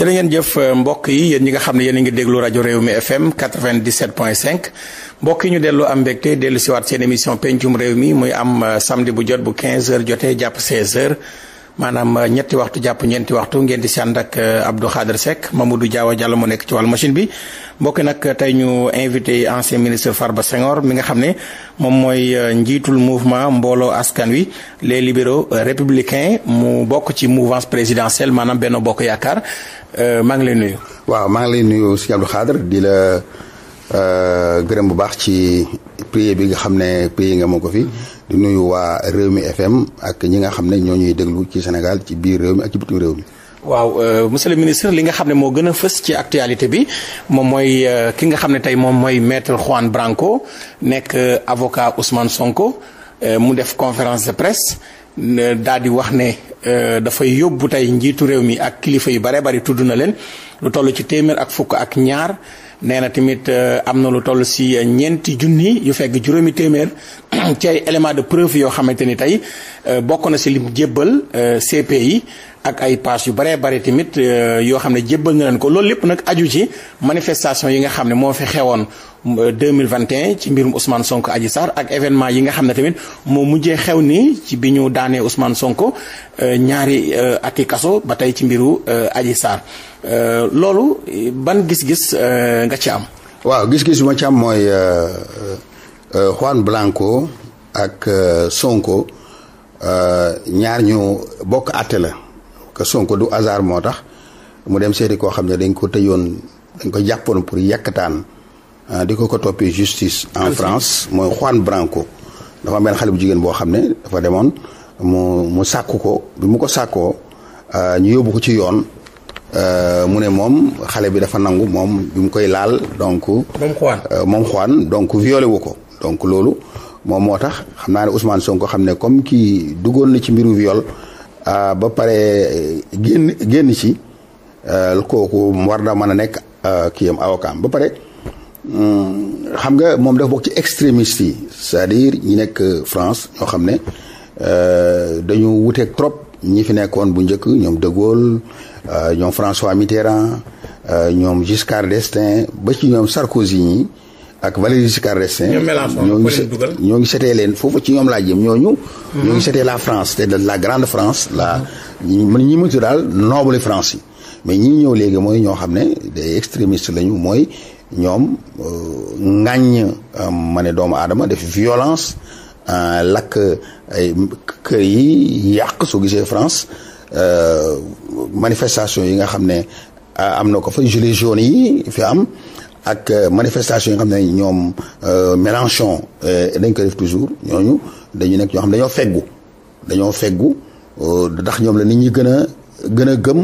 jërë ngeen jëf euh, mbokk yi yéen ñi nga xam ne yéen a ngi déglu rajo réew mi FM 97.5 mbokk yi ñu dellu am mbégte dellu siwaat seen émission pencum réew mi muy am euh, samedi bu jot bu 15 heures jotee jàpp 16 heures maanaam ñetti waxtu jàpp ñeenti waxtu ngeen di sànd ak euh, Abdou Khadre Seck Mamadou Diawa Diallo mu nekk ci wàllu machine bi mbokki nag tey ñu invité ancien ministre Farba Senghor mi nga xam ne moom mooy euh, njiitul mouvement mbooloo askan wi les libéro euh, républicain mu bokk ci mouvance présidentielle maanaam benn Bokk Yaakaar maa ngi lay nuyu. waaw maa ngi lay nuyu si Abdou Khadre di la gërëm bu baax ci prier bi nga xam ne prier nga moo ko fi. di nuyu waa réew mi FM ak ñi nga xam ne ñoo ñuy déglu ci Sénégal ci biir réew mi ak ci bitim réew mi. waaw euh, monsieur le ministre li nga xam ne moo gën a fës ci actualité bi moom mooy euh, ki nga xam ne tey moom mooy maître Juan Branco nekk euh, avocat Ousmane Sonko mu def conférence de presse daal di wax ne dafay yóbbu tey njiitu réew mi ak kilifa yu bare bari tudd na leen lu toll ci téeméer ak fukk ak ñaar. nee na tamit euh, am na lu toll si euh, ñeenti junni yu fekk juróomi téeméer ci ay élément de preuve yoo xamante ni tey euh, bokk na si lim jébbal cp yi ak ay pages yu baree bare tamit yoo xam ne jébbal na leen ko loolu lépp nag aju ci manifestation yi nga xam ne moo fi xewoon 2021 ci mbirum Ousmane Sonko Adji Sarr ak événement yi nga xam ne tamit moo mujjee xew ni ci bi ñu daanee Ousmane Sonko euh, ñaari euh, ati kaso ba tey ci mbiru euh, Adji Sarr loolu ban gis-gis nga ci am. waaw gis-gis bu ci am mooy Juan Blanco ak Sonko ñaar ñu bokk àtte la que Sonko du hasard moo tax mu dem seeti koo xam ne dañ ko tëjoon dañ ko jàppoon pour yàkkataan Euh, di ko ko toppi justice en France mooy Juan Branco dafa am benn xale bu jigéen boo xam ne dafa demoon mu mu sàkku ko bi mu ko sàkkoo euh, ñu yóbbu ko ci yoon euh, mu ne moom xale bi dafa nangu moom bi mu koy laal donc. moom donc violé wu ko donc loolu moom moo tax xam naa ne Ousmane Sonko xam ne comme kii duggoon na ci mbiru viol ba pare génn génn ci kooku war na mën a nekk kii am avocat ba pare. xam nga moom dafa bokk ci extrémiste yi c'est-à-dire ñi nekk France ñoo xam ne euh, dañu wuteeg trop ñi fi nekkoon bu njëkk ñoom de Gaulle euh, ñoom François Mitterrand euh, ñoom Giscard d'Estaing ba ci ñoom Sarkozy ñi ak Valéry Giscard d'Estaing ñoo ngi ñoo ngi setee leen foofu ci ñoom laa jëm ñooñu mm-hmm. ñoo ngi setee la France te la grande France la ñi mënti daal noble France yi mais ñi ñëw léegi mooy ñoo xam ne des extrémistes lañu mooy ñoom euh, ŋàññ euh, ma ne doomu aadama def violence euh, lakk ay kër yi yàq soo gisee France manifestation yi nga xam ne am na ko fa gilets jaunes yi fi am ak manifestation yi nga xam ne ñoom Mélenchon dañ ko def toujours ñooñu dañu nekk ñoo xam dañoo feggu dañoo feggu ndax ñoom la nit ñi gën a gën a gëm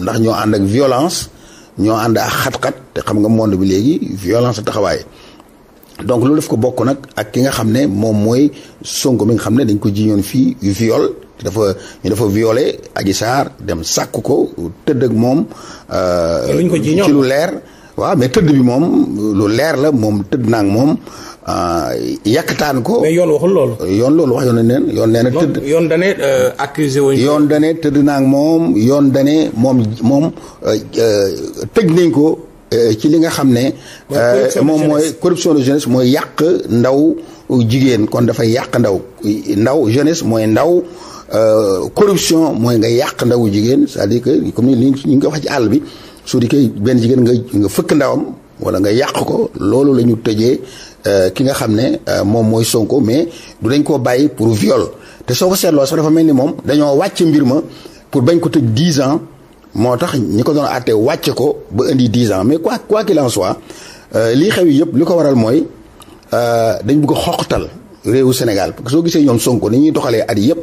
ndax ñoo ànd ak violence ñoo ànd ak xat-xat te xam nga monde bi léegi violence taxawaay donc loolu daf ko bokk nag ak ki nga xam ne moom mooy Sonko mi nga xam ne dañ ko jiñoon fii viol dafa ñu dafa violé Adji Sarr dem sàkk ko tëdd ak moom. Euh, ci lu leer. waaw mais tëdd bi moom lu leer la moom tëdd naa ak moom Euh, taan ko. mais yoon waxul loolu. yoon loolu wax yoon na neen yoon nee na. tëdd yoon da ne euh, accusé wuñ yoon da ne tëdd naa moom yoon da moom moom euh, tëj ko ci li nga xam ne. moom mooy corruption de mooy yàq ndaw jigéen kon dafay yàq ndaw ndaw jeunesse mooy ndaw. corruption mooy nga yàq ndawu jigéen c'est-à-dire ni ñu nga wax ci àll bi su benn jigéen nga nga fëkk yàq loolu la tëjee Euh, ki nga xam ne euh, moom mooy Sonko mais du dañ koo bàyyi pour viol te soo ko seetloo sax dafa mel ni moom dañoo wàcc mbir ma pour bañ ko tëj 10 ans moo tax ñi ko doon àtte wàcce ko ba indi 10 ans mais quoi quoi qu'il en soit euh, lii xew yi yëpp li ko waral mooy dañ bëgg a xoqatal réewu Sénégal parce que soo gisee ñoom Sonko ni ñuy doxalee at yëpp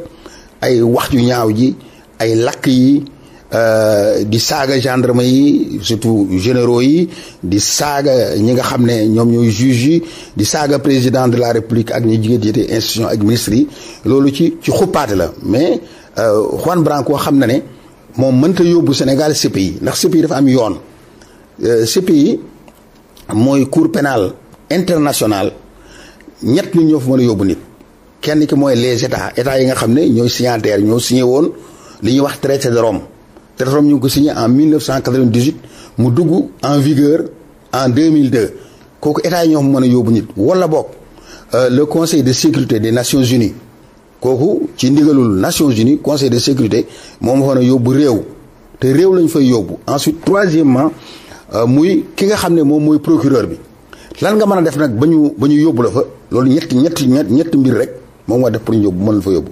ay wax yu ñaaw ji ay lakk yi. Euh, di saaga gendarme yi surtout généraux yi di saaga ñi nga xam ne ñoom ñooy juge yi di saaga président de la république ak ñi jigéen jiite institution ak ministre yi loolu ci ci xuppaate la mais euh, Juan Branco xam na ne moom mënta yóbbu Sénégal yi ndax CPI dafa am yoon euh, CPI mooy cour pénale internationale ñett nit ñoo fa mën a yóbbu nit kenn ki mooy les états états yi nga xam ne ñooy signataires ñoo signé woon li ñuy wax traité de Rome te réforme ñu ko si signé en 1998 mu dugg en vigueur en kooku état yi ñoo xam mën a yóbbu nit wala boog euh, le conseil de sécurité des nations unies kooku ci ndigalul nations unies conseil de sécurité moom fa a yóbbu réew te réew lañ fay yóbbu ensuite troisièmement euh, muy ki nga xam ne moom mooy procureur bi lan nga mën a def nag ba ñu ba ñu yóbbu la fa loolu ñetti ñetti ñetti mbir rek moom moo def pour ñu yóbbu mën la fa yóbbu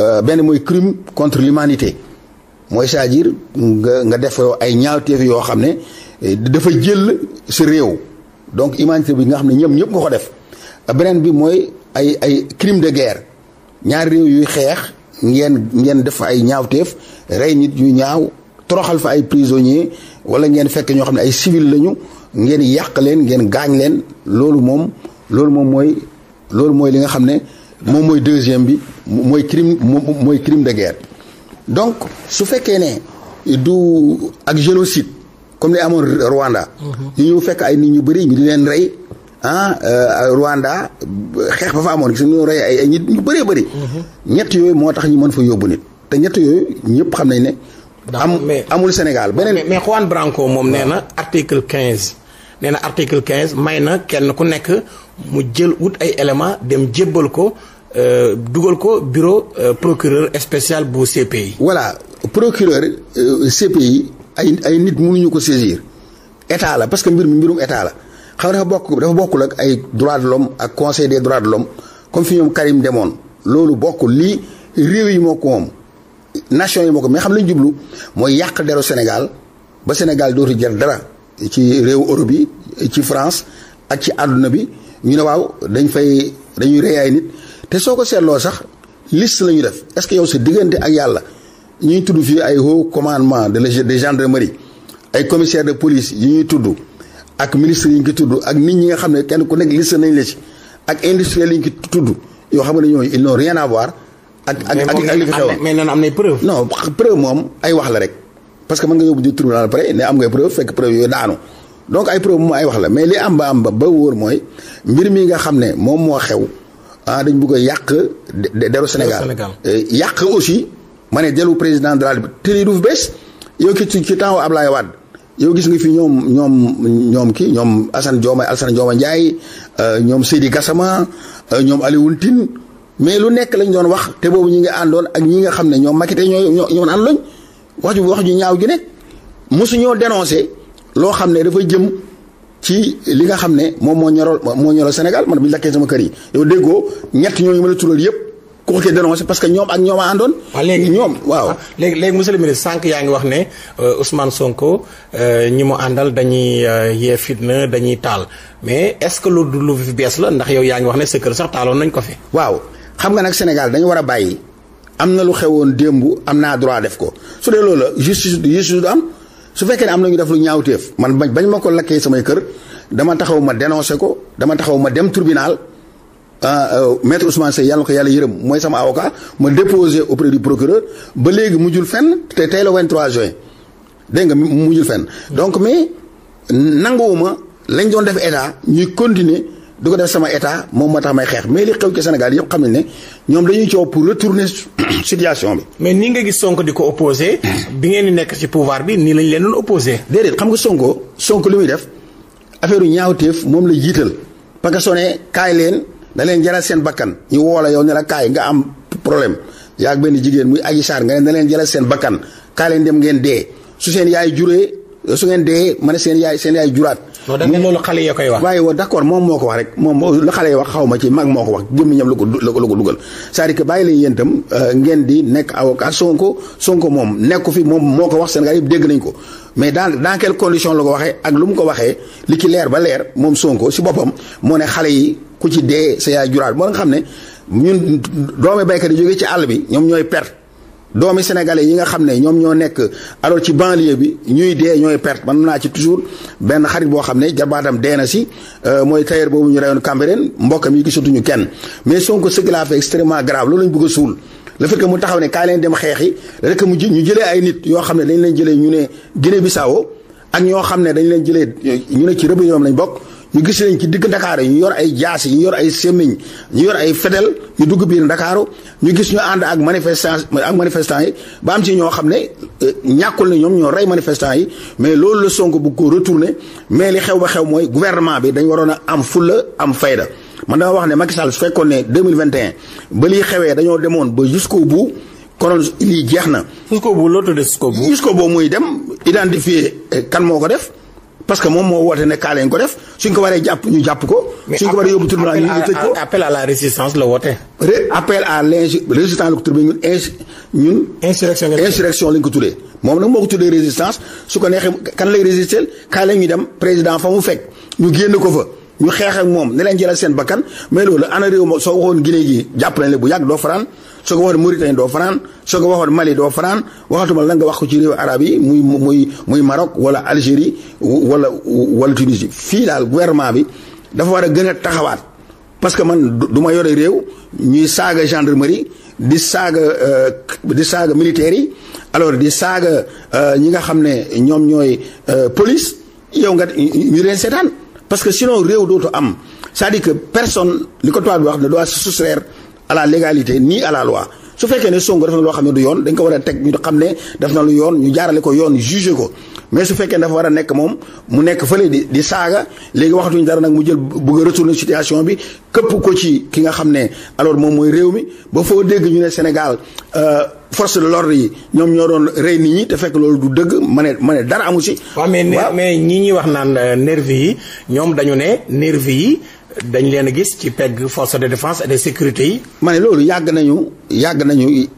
euh, benn mooy crime contre l'humanité mooy cest à nga nga def ay ñaawteef yoo xam ne eh, dafa jël sa réew donc humanité bi nga xam ne ñoom ñëpp nga ko def beneen bi mooy ay ay crime de guerre ñaari réew yuy xeex ngeen ngeen def ay ñaawteef rey nit yu ñaaw toroxal fa ay prisonniers wala ngeen fekk ñoo xam ne ay civil lañu ngeen yàq leen ngeen gaañ leen loolu moom loolu moom mooy loolu mooy li nga xam ne moom mooy deuxième bi mooy crime moom mooy crime de guerre. donc su fekkee ne du ak génocide comme la amoon Rwanda. Mhm. ñu ñëw fekk ay nit ñu bëri ñu di leen rey ah euh, Rwanda xeex ba fa amoon gis ñu rey ay nit ñu bëree bëri. Mhm. ñett yooyu moo tax ñu mën fa yóbbu nit te ñett yooyu ñëpp xam nañ ne. am amul Sénégal beneen. mais Juan Branco moom nee na article 15. nee na article 15 may na kenn ku nekk mu jël wut ay éléments dem jébbal ko. Euh, dugal ko bureau euh, procureur spécial bu CPI. voilà procureur euh, CPI ay ay nit mënuñu ko saisir état la parce que mbir mi mbirum état la xam dafa bokk dafa bokkul ak ay droits de l'homme ak conseil des droits de l'homme comme fi ñoom Karim demoon loolu bokkul lii réew yi moo ko moom nation yi moo ko mais xam lañu jublu mooy yàq deru Sénégal ba Sénégal dootu jël dara ci réewu Europe yi ci France ak ci àdduna bi ñu ne waaw dañ fay dañuy rey nit te soo ko seetloo sax liste la def est-ce que yow si diggante ak yàlla ñuy tudd fii ay haut commandement de la de gendarmerie ay commissaire de police yi ñuy tudd ak ministre yi ñu ko tudd ak nit ñi nga xam ne kenn ku nekk liste nañ la ci ak industriel yi ñu ko tudd yoo xam ne ñooñu ils n'ont rien à voir. ak ak ak li fi xewoon mais moom am nay preuve. non preuve moom ay wax la rek parce que mën nga yóbbu di tribunal après ne am ngay preuve fekk preuve yooyu daanu la mais li am ba ba ba wóor mooy mbir mi nga xam ne moom moo xew. ah dañ bëgg a yàq deru Sénégal yàq aussi ma ne delu président de la République tëli duuf bees yow ki ci ci temps Ablaye Wade yow gis nga fi ñoom ñoom ñoom ki ñoom Assane Dioma Assane Dioma Ndiaye euh, ñoom Seydi Gassama euh, ñoom Alioune Tine mais lu nekk lañ doon wax te boobu ñi nga àndoon ak ñi nga xam ne ñoom makite ñoo ñoo ànd lañ wax ju wax ju ñaaw ju nekk mosu ñoo dénoncé loo xam ne dafa jëm ci li nga xam ne moom moo ñorol moo ñorol Sénégal man bu ñu lakkee sama kër yi yow déggoo ñett ñooñu ma la tural yëpp ku ko ci dénoncé parce que ah, ah, ngi wax ne euh, Ousmane Sonko euh, ñi mu àndal dañuy euh, yee fitna dañuy taal mais est-ce que lu lu fi bees la ndax yow yaa ngi wax ne sa sax taaloon nañ ko fi. waaw xam nga nag Sénégal dañu war a bàyyi am na lu xewoon démb am naa droit def ko su dee loolu la justice du am. su fekkee ne am na ñu def lu ñaawteef man bañ ma ko lakkee samay kër dama taxaw ma dénoncé ko dama taxaw ma dem tribunal ah, euh, maître Ousmane Seye yàlla ko yàlla yërëm mooy sama avocat ma déposé auprès du procureur ba léegi mujjul fenn te tey la 23 juin dégg nga mujjul fenn donc mais nanguwuma lañ doon def état ñuy continuer. du ko def sama état moom moo tax may xeex mais li xew ci Sénégal yëpp xam ne ñoom dañuy coow pour retourner situation bi. mais nii nga gis sonk di ko opposé. bi ngeen di nekk ci pouvoir bi nii lañ leen doon opposé. déedéet xam nga Sonko Sonko li muy def affaire yu ñaawteef moom la jiital parce que soo nee kaay leen da leen jaral seen bakkan ñu woo la yow ne la kaay nga am problème yaa benn jigéen muy aji saar nga ne da leen jaral seen bakkan kaay leen dem ngeen dee su seen yaay juree su ngeen dee ma ne seen yaay seen yaay juraat. ne loolu xale ya koy wax waaye wa d' accord moom moo ko wax rek moom la xale yi wax xaw ma ci mag moo ko wax gémmiñam la ko la ko dugal c'est-à-dire bàyyi leen yéen euh, ngeen di nekk avocat Sonko Sonko moom nekku fi moom moo ko wax Sénégal yëpp dégg nañ ko mais dans dans quelles conditions la ko waxee ak lu mu ko waxee li ci leer ba leer moom Sonko si boppam moo ne xale yi ku ci dee sa yaay juraat moo nga xam ne ñun doomi baykat yi jógee ci àll bi ñoom ñooy perte doomi sénégalais yi nga xam ne ñoom ñoo nekk alors ci banlieue bi ñuy dee ñooy perte man naa ci toujours benn xarit boo xam ne jabaatam dee na si euh, mooy tailleur boobu ñu reyoon Cambérène mbokkam yi gisatuñu kenn mais soo ce qu'il a fait extrêmement grave loolu lañ bëgg suul le fait mu taxaw ne kaay leen dem xeexi rek mu jë ñu jëlee ay nit yoo xam ne dañ leen jëlee ñu ne Guinée Bissau ak ñoo xam ne dañ leen jëlee ñu ne ci rébellion lañ bokk ñu gis leen ci digg Dakar yi ñu yor ay jaas yi ñu yor ay sémmiñ ñu yor ay fedel ñu dugg biir Dakar ñu gis ñu ànd ak manifestant ak manifestant yi ba am ci ñoo xam ne euh, ñàkkul na ñoom ñoo rey manifestant yi mais loolu la sonk bu ko retourné mais li xew ba xew mooy gouvernement bi dañ waroon a am fulla am fayda man dama wax ne Macky Sall su fekkoon ne 2021 ba liy xewee dañoo demoon ba jusqu'au bout konoon lii jeex na. jusqu'au bout loo tuddee jusqu'au bout. jusqu'au bout muy dem identifier euh, kan moo ko def. parce que moom moo woote ne kaa leen ko def suñ ko waree jàpp ñu jàpp ko. suñ ko waree yóbbu tribunal ñu ñu tëj ko appel à la résistance la l' insu résistance la ko tuddee ñun insu lañ ko tuddee. moom nag moo ko tuddee résistance su ko neexee kan lay résister kaa ñu dem président fa mu fekk ñu génn ko fa. ñu xeex ak moom ne leen jëlal seen bakkan mais loolu ana réew ma soo waxoon Guinée gi jàpp nañ la bu yàgg doo faraan soo ko waxoon Mauritanie doo fanaan soo ko waxoon Mali doo fanaan waxatuma la nga wax ko ci réew arab yi muy muy muy Maroc wala Algérie wala wala fii daal gouvernement bi dafa war a gën a taxawaat parce que man du ma yore réew ñuy saaga gendarmerie di saaga euh, di saaga militaire yi alors di saaga euh, ñi nga xam ne ñoom ñooy euh, police yow nga ñu leen seetaan parce que sinon réew dootu am cest dire que personne li ko tubaab bi wax ne doit se soustraire à la légalité ni à la su fekkee ne Sonko def na loo xam ne du yoon dañ ko war a teg ñu xam ne def na lu yoon ñu jaarale ko yoon juge ko mais su fekkee ne dafa war a nekk moom mu nekk fële di di saaga léegi waxatuñ dara nag mu jël bëgg a retourner situation bi këpp ko ci ki nga xam ne alors moom mooy réew mi ba foo dégg ñu ne Sénégal euh, force de l'ordre yi ñoom ñoo doon rey nit ñi te fekk loolu du dëgg ma ne ma ne dara amu si. waaw mais mais ñi ñuy wax naan euh, nervi yi ñoom dañu ne nervi yi. dañ leen gis ci pegg force de défense et de sécurité yi. ma ne loolu yàgg nañu yàgg nañu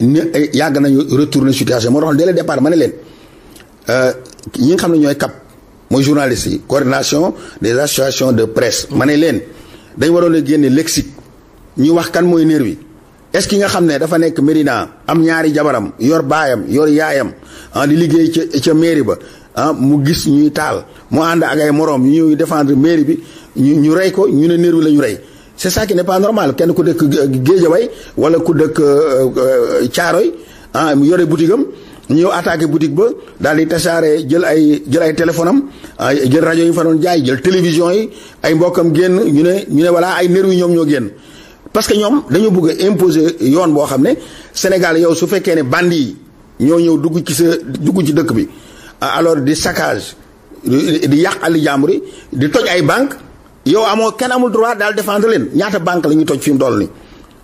yàgg nañu retourner situation moo tax dès le départ ma ne leen euh, ñi nga xam ne ñooy CAP mooy journaliste yi coordination des associations de presse. Mm-hmm. ma ne leen dañ waroon a génne lexique ñu wax kan mooy nervi est-ce que nga xam ne dafa nekk Médina am ñaari jabaram yor baayam yor yaayam ah di liggéey ca ca mairie ba ah mu gis ñuy taal mu ànd ak moroom ñu ñëw défendre mairie bi. ñu ñu rey ko ñu ne néer bi la ñu rey c'est ça qui n'est pas normal kenn ku dëkk Géejawaay wala ku dëkk euh, euh, caaro yi ah mu yore boutique am ñëw attaque boutique ba daal di tasaare jël ay jël ay téléphone am jël rajo yi fa doon jaay jël télévision yi ay mbokkam génn ñu ne ñu ne voilà ay nervi ñoom ñoo génn parce que ñoom dañoo bugg imposé yoon boo xam ne Sénégal yow su fekkee ne bandi yi ñoo ñëw dugg ci sa dugg ci dëkk bi alors di saccage di yàq àll yi di toj ay banque yow amoo kenn amul droit daal défendre leen ñaata banque la ñuy toj fi mu dool ni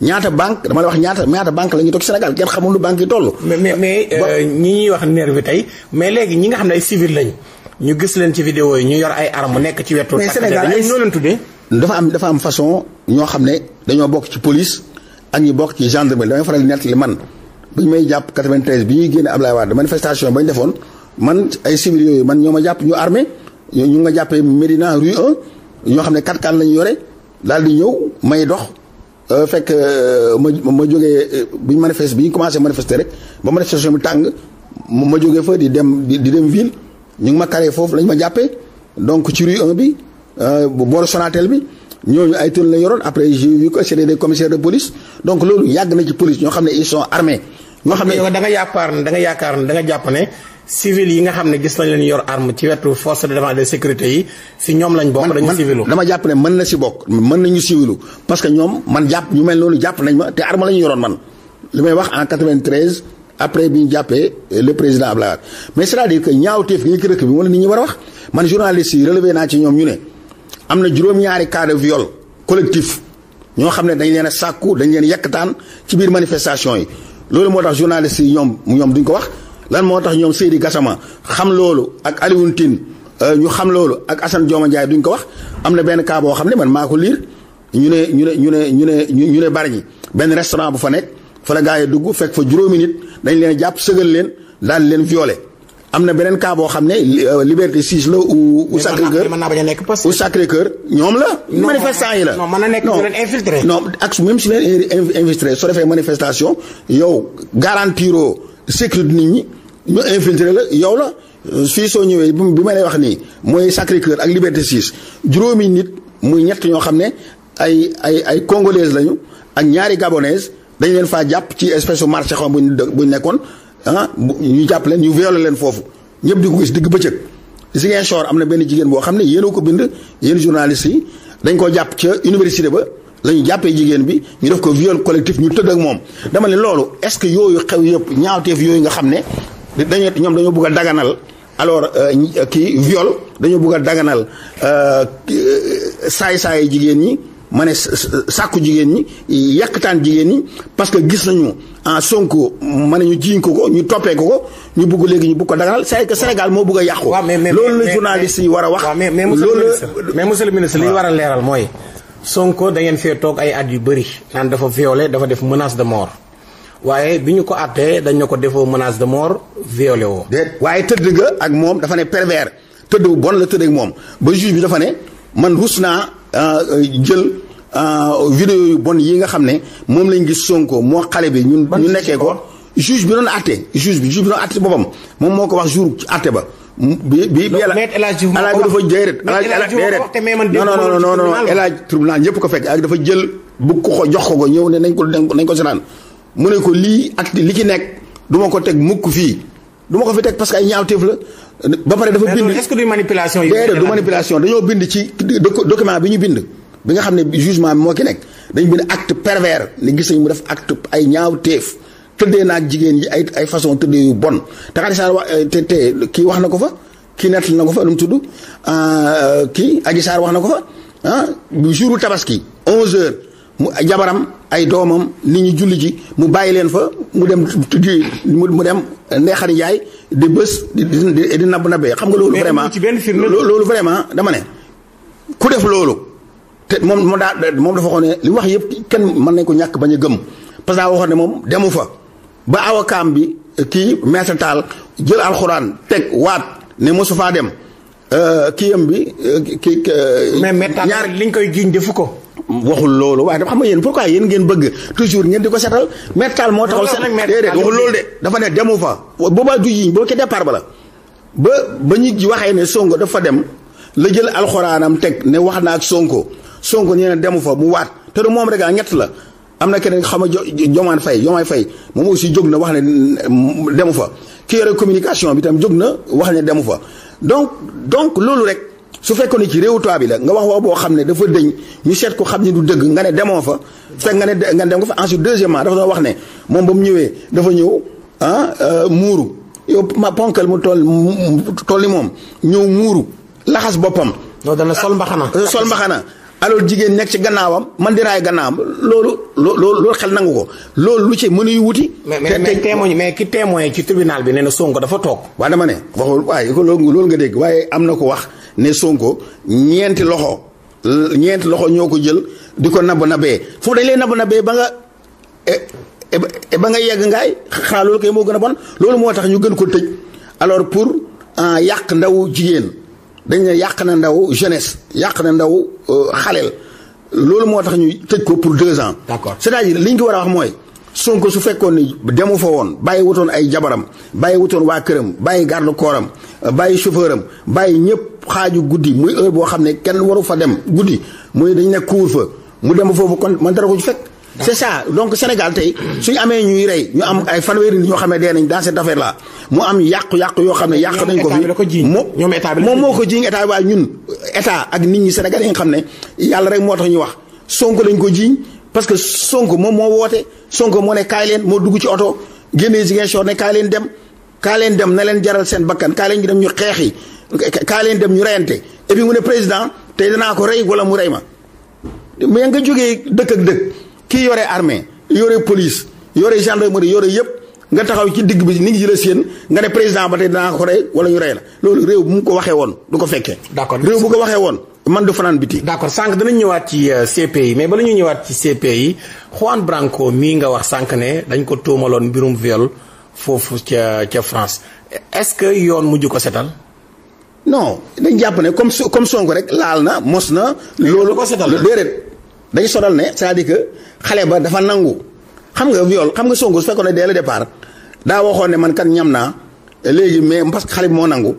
ñaata banque dama wax ñaata ñaata banque la ñuy toj Sénégal kenn xamul lu banque yi toll. mais mais euh, ñi wax nervi bi tey mais léegi ñi nga ne ay civil lañu ñu gis leen ci vidéo yi ñu yor ay armes nekk ci wetu. mais Sénégal ñoom ñoo am dafa am façon ñoo xam ne dañoo bokk ci police ak ñu bokk ci gendarmerie damay faral di nettali man bu may jàpp 93 bi ñuy génne Ablaye Wade manifestation ba ñu defoon man ay civil yooyu man ñoo ma jàpp ñu armé ñu nga jàppee Médina rue 1 ñoo xam ne katkaan lañu yore daal di ñëw may dox euh, fekk euh, ma ma jógee euh, bi ñu manifeste bi ñu commencé manifester rek ba manifestation bi tàng ma jógee fa di dem di dem ville ñu ngi ma carré foofu lañ ma jàppee donc ci rue 1 bi booru Sonatel bi ñooñu ay tur la yoroon après j'ai vu que c'était des de police donc loolu yàgg na ci police ñoo xam ne ils sont armés yoo xam ne yow da nga yaakaar ne da nga yaakaar ne da yi nga xam ne gis nañ leen yor arme ci wetu force de défense de sécurité yi si ñoom lañ bokk dañu civilu dama na si bokk mën nañu civilu parce que ñoom man jàpp ñu mel noonu jàpp nañ ma te arme la ñu yoroon man li may wax en 93 après bi ñu jàppee euh, le président la Wade mais c'est-à-dire que ñaawteef gi nga rëkk bi moom la nit ñi war a wax man journaliste yi relevé naa ci ñoom ñu ne am na juróom-ñaari cas de viol collectif ñoo xam ne dañ leen a sàkku dañ leen yekkataan ci biir manifestation yi loolu moo tax journaliste yi ñoom ñoom duñ ko wax lan moo tax ñoom Seydi Gassama xam loolu ak Alioune euh, ñu xam loolu ak Assane Dioma duñ ko wax am na benn cas boo xam ne man maa ko liir ñu ne ñu ne ñu ne ñu ne ñu ne bari ñi benn restaurant bu fa nekk fa la gaa yi dugg fekk fa juróomi nit dañ leen jàpp sëgal leen daal leen violé am na beneen cas boo xam ne euh, Liberté 6 la ou ou Sacré-Cœur ou Sacré-Cœur ñoom la. manifestant yi la non mën na nekk su leen infiltré. non ak même su leen infiltré soo defee manifestation yow garantiroo sécurité nit ñi ñu infiltré la yow la fii soo ñëwee bi ma lay wax nii mooy Sacré-Cœur ak Liberté 6 juróomi nit muy ñett ñoo xam ne ay ay ay congolaise lañu ak ñaari gabonaise dañu leen faa jàpp ci espèce marché xam bu ñu nekkoon. ah ñu jàpp leen ñu violé leen foofu ñëpp di ko gis digg bëccëg Ziguinchor am na benn jigéen boo xam ne yéen a ko bind yéen journaliste yi dañ koo jàpp ca université ba la jàppee jigéen bi ñu def ko viol collectif ñu tëdd ak moom demal ne loolu est-ce que yooyu xew yëpp ñaawteef yooyu nga xam ne dañoo ñoom dañoo bëgg a daganal alors euh, kii viol dañoo bëgg a daganal euh, euh, saay-saay jigéen ñi ma ne sàkku jigéen ñi yàkkataan jigéen ñi parce que gis nañu en ah, Sonko ma ne ñu jiiñ ko ko ñu toppeeku ko ñu bugg léegi ñu bugg ko daganal c'est que moo bugg a yàqu. loolu la journaliste yi war a wax. loolu mais monsieur le ministre li war a leeral mooy. sonk da ngeen fee toog ay at yu bëri. naan dafa violé dafa def menace de mort. waaye bi ñu ko àttee dañ ne ko defoo menace de mort violé woo. waaye tëdd nga ak moom dafa ne pervers tëdd bu bon la tëdd ak moom ba juge ne Euh, jël euh, vidéo yu bon yi nga xam ne moom lañ gis Sonko moo xale bi ñun ñu nekkee ko juge bi doon àtte juge bi juge bi doon àtte boppam moom moo ko wax jour àtte ba bi bi yàlla alaaj bi dafa déedéet alaaj déedéet non non non non alaaj tribunal ñëpp ko fekk ak dafa jël bu ko jox ko ko ñëw ne nañ ko nañ ko seetaan mu ne ko lii ak li ci nekk duma ko teg mukk fii duma ma ko fi teg parce que ñaaw ñaawteef la ba pare dafa bind est-ce que du manipulation yi déedéet dañoo bind ci document bi ñu bind bi nga xam ne jugement bi moo ki nekk dañ bind acte pervers ne gis nañ mu def acte ay ñaaw ñaawteef tëddee naag jigéen yi ay ay façon tëddee yu bon te Khady Sarr wax te te kii wax na ko fa kii nettali na ko fa lu mu tudd ah, kii Adji Sarr wax na ko fa ah jouru tabaski 11 heures mu jabaram ay doomam nit ñi julli ji mu bàyyi leen fa mu dem tuddi mu dem neexal njaay di bés di di di nab nabee xam nga loolu vraiment loolu vraiment dama ne ku def loolu te moom moom daa moom dafa waxoon ne li wax yëpp kenn mën nañ ko ñàkk bañ a gëm parce que daa ne moom demu fa ba awakaam bi kii maître jël alxuraan teg waat ne mosu faa dem euh, kii am bi euh, kii euh, ñaar liñ koy giiñ defu ko waxul loolu waaye dama xam nga yéen pourquoi yéen ngeen bëgg toujours ngeen di ko setal mettal moo taxaw setal déedéet waxul loolu de dafa ne demu fa boobaa du yiñ boo ca départ ba la ba ba ñu waxee ne Sonko dafa dem la jël alxuraanam teg ne wax na Sonko Sonko demu fa mu waat te moom rek ñett la am na keneen xam nga jomaan fay jomaay fay moom aussi jóg na wax ne demu fa ki yore communication bi tam jóg na wax ne demu fa donc donc loolu rek su fekkoon ne ci réew toit bi la nga wax wax boo xam ne dafa dëñ ñu seet ko xam ne du dëgg nga ne demoo fa fekk nga ne nga dem ko fa ensuite deuxièmement dafa doon wax ne moom ba mu ñëwee dafa ñëw ah euh, muuru yow ma ponkal mu toll mu toll ni moom ñëw muuru laxas boppam. loolu dana sol mbaxana. Euh, sol mbaxana alors jigéen nekk ci gannaawam man di raay gannaawam loolu loo loolu xel nangu ko loolu lu ci mënuy wuti. mais mais témoin mais ki témoin ci tribunal bi nee na Sonko dafa toog. waaw dama ne waxul waaye loolu nga dégg waaye am na ko wax ne Sonko ñeenti loxo ñeenti loxo ñoo ko jël di ko nab nabee foofu dañ lay nab nabee ba nga e, e, e, ba nga yegg ngaay xanaa loolu kay moo gën a bon loolu moo tax ñu gën ko tëj alors pour ah, yàq ndaw jigéen. dañ ne yàq na ndaw jeunesse yàq na ndaw euh, xaleel loolu moo tax ñuy tëj ko pour deux ans. d'accord c'est-à-dire li ñu ko war a wax mooy. Sonko su fekkoon ni demu fa woon bàyyi wutoon ay jabaram bàyyi wutoon waa këram bàyyi garde corps bàyyi chauffeur am bàyyi ñëpp xaaju guddi muy heure boo xam ne kenn waru fa dem guddi muy dañ nekk couvre-feu mu dem foofu kon man dara ko fekk. c'est ça donc Sénégal tey suñu amee ñuy rey ñu am ay fanweeri ñoo xam ne dee nañ dans cette affaire là mu am yàqu-yàqu yoo xam ne yàq nañ ko fi moom moom moo ko jiiñ état bi waaye ñun état ak nit ñi Sénégal yi nga xam ne yàlla rek moo tax ñu wax Sonko lañ ko jiiñ parce que Sonko moom moo woote Sonko moo ne kaay leen moo dugg ci oto génnee Ziguinchor ne kaay leen dem kaay leen dem na leen jaral seen bakkan kaay leen dem ñu xeexi kaay leen dem ñu reyante et puis mu ne président tey danaa ko rey wala mu rey ma mais nga jógee dëkk ak dëkk kii yore armée yore police yore gendarmerie yore yëpp nga taxaw ci digg bi ni ngi jëla seen nga ne président ba tey dinaa ko rey wala ñu rey la loolu réew bu mu ko waxee woon du ko fekkee. d'accord réew bu ko waxee woon man du fanaan biti. d'accord sànq danañ ñëwaat ci euh, CPI mais bala ñu ñëwaat ci CPI Juan Branco mii nga wax sànq ne dañ ko tuumaloon mbirum viol foofu ca ca France est-ce que yoon mujj ko setal. non dañ jàpp ne comme comme Sonko rek laal na mos na. loolu ko setal déedéet. dañu solal ne c'est-à-dire xale ba dafa nangu xam nga viol xam nga Sonko su fekkoon ne dès le départ daa waxoon ne man kat ñam naa léegi mais parce que xale bi moo nangu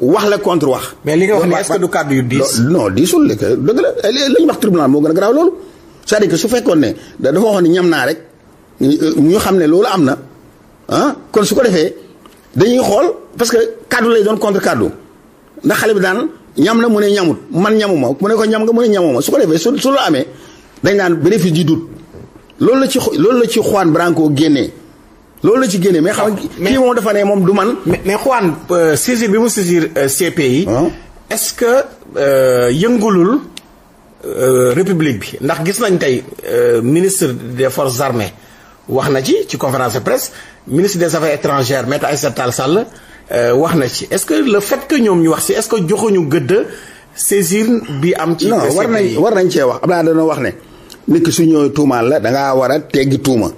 wax la contre wax. mais li nga wax nii est-ce que du kàddu yu diis. non diisul dëgg la li ñu wax a garaaw su fekkoon ne dafa waxoon ne ñam naa rek ñu xam ne loolu am na ah kon su ko defee dañuy xool parce que kaddu lay doon contre kàddu ndax xale bi daan. ñam na mu ne ñamut man ñamuma mu ne ko ñam nga mu ne ñamuma su ko defee su su la amee dañ naan bénéfice du doute loolu la ci loolu la ci Juan Branco génnee loolu la ci génnee mais xam nga kii moom dafa moom du man mais mais Juan euh, saisir bi mu saisir euh, CPI est-ce que euh, yëngulul république bi ndax gis nañ tey ministre des forces armées wax na ci ci conférence de presse ministre des affaires étrangères maître Aïssata Tall Sall Euh, wax na ci est-ce que le fait que ñoom ñu wax si est-ce que joxuñu gëdd saisir bi am. ci non war nañ war nañ cee wax Abdoulaye dañoo wax ne. nit su ñëwee tuumaal la da ngaa war a teggi tuuma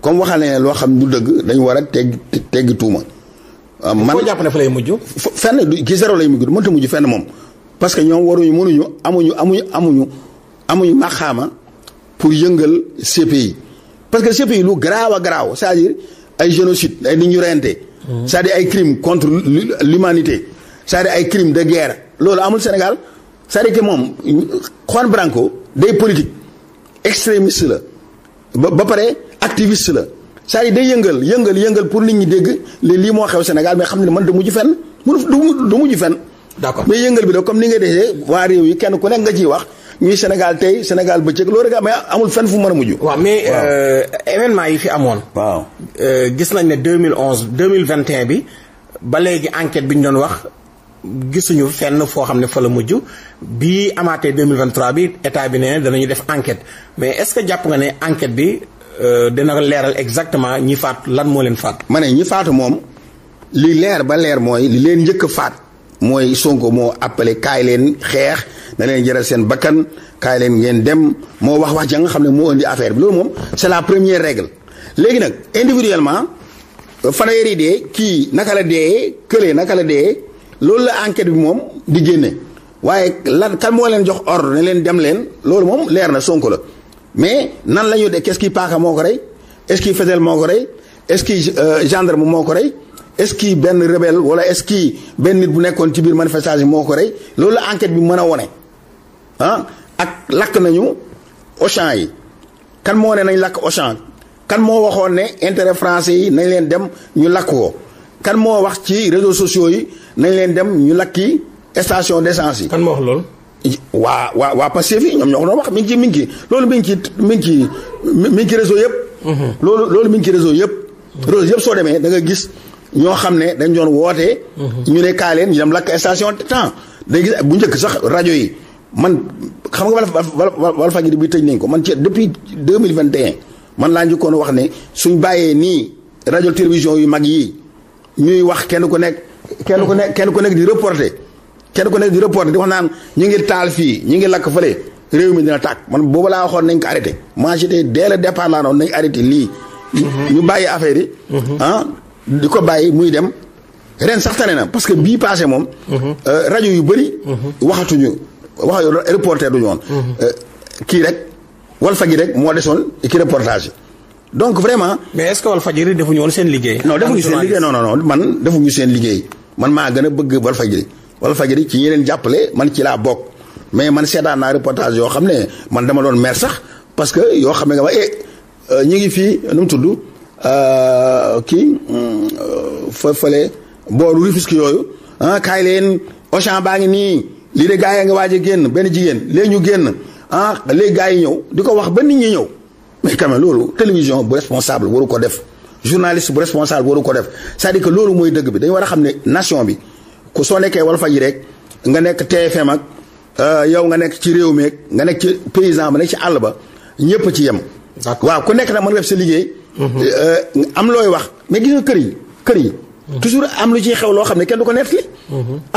comme waxal ne loo xam du dëgg dañu war a teggi teggi tuuma. Euh, man foo jàpp ne fa lay mujj. fenn du ki zéro lay mujj du mënta mujj fenn moom parce que ñoom waruñu mënuñu amuñu amuñu amuñu amuñu maxaama pour yëngal CPI parce que CPI lu garaaw a garaaw cest ay génocide ay nit ñu reyante cest à ay crimes contre l'humanité cest à ay crimes de guerre loolu amul Sénégal c'est-à-dire que moom Juan Branco day politique extrémiste la ba ba pare activiste la c'est-à-dire yëngal yëngal yëngal pour nit ñi dégg lii moo xew Sénégal mais xam ne man du mujj fenn mu du mujj fenn. d'accord mais yëngal bi da comme ni nga dee waa réew yi kenn ku nekk nga ciy wax. ñuy Sénégal tey Sénégal bëccëg loolu rek mais amul fenn fu man a mujj. waaw mais euh, événement yi fi amoon. waaw euh, gis nañ ne deux deux mille mille vingt 2021 bi ba léegi enquête bi ñu doon wax. gisuñu fenn foo xam ne fa la mujj bii amaatee 2023 bi état bi nee na danañu def enquête mais est-ce que jàpp nga ne enquête bi euh, dina leeral exactement ñi faat lan moo leen faat. ma ne ñi faatu moom li leer ba leer mooy li leen njëkk a faat mooy Sonko moo appale kaay leen xeex na leen jëral seen bakkan kaay leen ngeen dem moo wax wax ja nga xam ne moo indi affaire bi loolu moom c'est la première règle léegi nag individuellement fanweer yi dee kii naka la dee këlee naka la dee loolu la enquête bi moom di génne waaye lan kan moo leen jox ordre na leen dem leen loolu moom leer na Sonko la mais nan la ñu de qu'est-ce qui paaka moo ko rey est-ce que fetel moo ko rey est-ce que euh, moo ko rey est-ce que benn rebelle wala est-ce que benn nit bu nekkoon ci biir manifestation moo ko rey loolu la enquête bi mën a wone ah ak lakk nañu Auchan yi kan moo ne nañ lakk Auchan kan moo waxoon ne intérêt français yi nañ leen dem ñu lakk ko kan moo wax ci réseaux sociaux yi nañ leen dem ñu lakki station d'essence yi. kan moo wax loolu. waa waa waa Pastef yi ñoom ñoo ko doon wax mi ngi ci mi ngi loolu mi ngi ci mi ci mi ngi réseau yëpp. Mhm. loolu loolu mi ngi réseau yëpp. réseau yëpp soo demee da nga gis. ñoo xam ne dañ doon woote. ñu ne kaa leen ñu dem lakk station temps day gis bu njëkk sax rajo yi man xam nga wala wala fajiri bi tëj nañ ko man ci depuis deux mille vingt et un man laa njëkkoon wax ne suñ bàyyee nii rajo télévision yu mag yi ñuy wax kenn ku nekk. kenn ku nekk kenn ku nekk di reporter kenn ku nekk di reporter di wax naan ñu ngi taal fii ñu ngi lakk fële réew mi dina tàkk man boobu laa waxoon nañ ko arrêté. moi j'étais dès le départ laa noonu nañ arrêté lii. Mhm. ñu affaire yi. Mhm. Ah di ko bàyyi muy dem ren sax tane na parce que bii passé moom. Mhm. Euh, rajo yu bëri. Mhm. waxatuñu wax reporter duñu woon. Mhm. Euh, kii rek Walfadjri rek moo desoon ki reportage yi donc vraiment. mais est-ce que Walfadjri defuñu woon seen liggéey. non defuñu seen liggéey non non non man defuñu seen liggéey man maa gën a bëgg Walfadjri Walfadjri ci ñi leen jàppale man ci laa bokk mais man seetaan naa reportage yoo xam ne man dama doon mer sax parce que yoo xam ne nga ma eh euh, ñu ngi fii nu mu tudd ki hmm, fa fële booru Rufisque yooyu ah kaay leen Auchan baa ngi nii lii de gaa yaa ngi waaj a génn benn jigéen léegi ñu génn ah léegi gaa yi ñëw di ko wax ba nit ñi ñëw mais quand loolu télévision bu responsable waru ko def journaliste bu responsable waru ko def c'est-à-dire que loolu mooy dëgg bi dañu war a xam ne nation bi ku soo nekkee Walfadjri rek nga nekk TFM ak euh, yow nga nekk ci réew mi nga nekk ci paysan ba nekk ci àll ba ñëpp ci yem. waaw ku nekk nag mën nga def sa liggéey. Mm-hmm. Euh, am looy wax mais gis kër yi. kër yi. toujours am lu ciy xew loo xam ne kenn du ko nettali.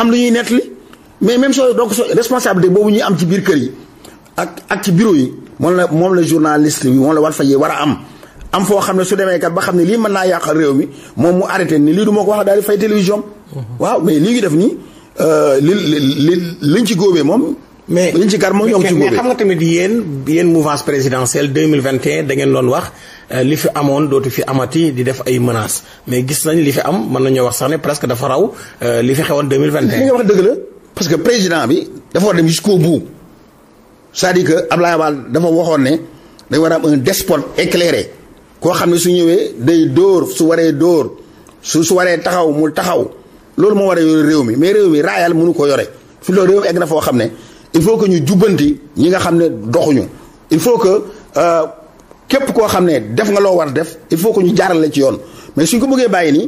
am lu ñuy nettali mais même soo donc soo responsabilité boobu ñuy am ci biir kër yi ak ak ci bureau yi moom la moom la journaliste bi moom la war fa yi war a am. am foo xam ne su demee kat ba xam ne li mën naa yàqal réew mi moom mu arrêté ni lii du ma ko wax daal di fay télévision waaw mais lii ngi def nii euh, li li liñ ci góobee moom. mais liñ ci gar moom ñoo ngi ci góobee mais xam nga tamit yéen yéen mouvance présidentielle 2021 da ngeen doon wax. Euh, li fi amoon dootu fi amati di def ay menaces mais gis nañ li fi am mën nañoo wax sax ni presque dafa raw euh, li fi xewoon 2021. li nga wax dëgg la parce que président bi dafa war dem jusqu'au bout c'est-à-dire que Abdoulaye Wade dafa waxoon ne dañ war a am despot despote koo xam ne su ñëwee day dóor su waree dóor su su waree taxaw mu taxaw loolu moo war a yore réew mi mais réew mi raayal mënu ko yore fi loolu réew mi egg na foo xam ne il faut que ñu jubbanti ñi nga xam ne doxuñu il faut que. Euh, képp koo xam ne def nga loo war def il faut que ñu jaaral jaarale ci yoon mais suñ ko bëggee bàyyi nii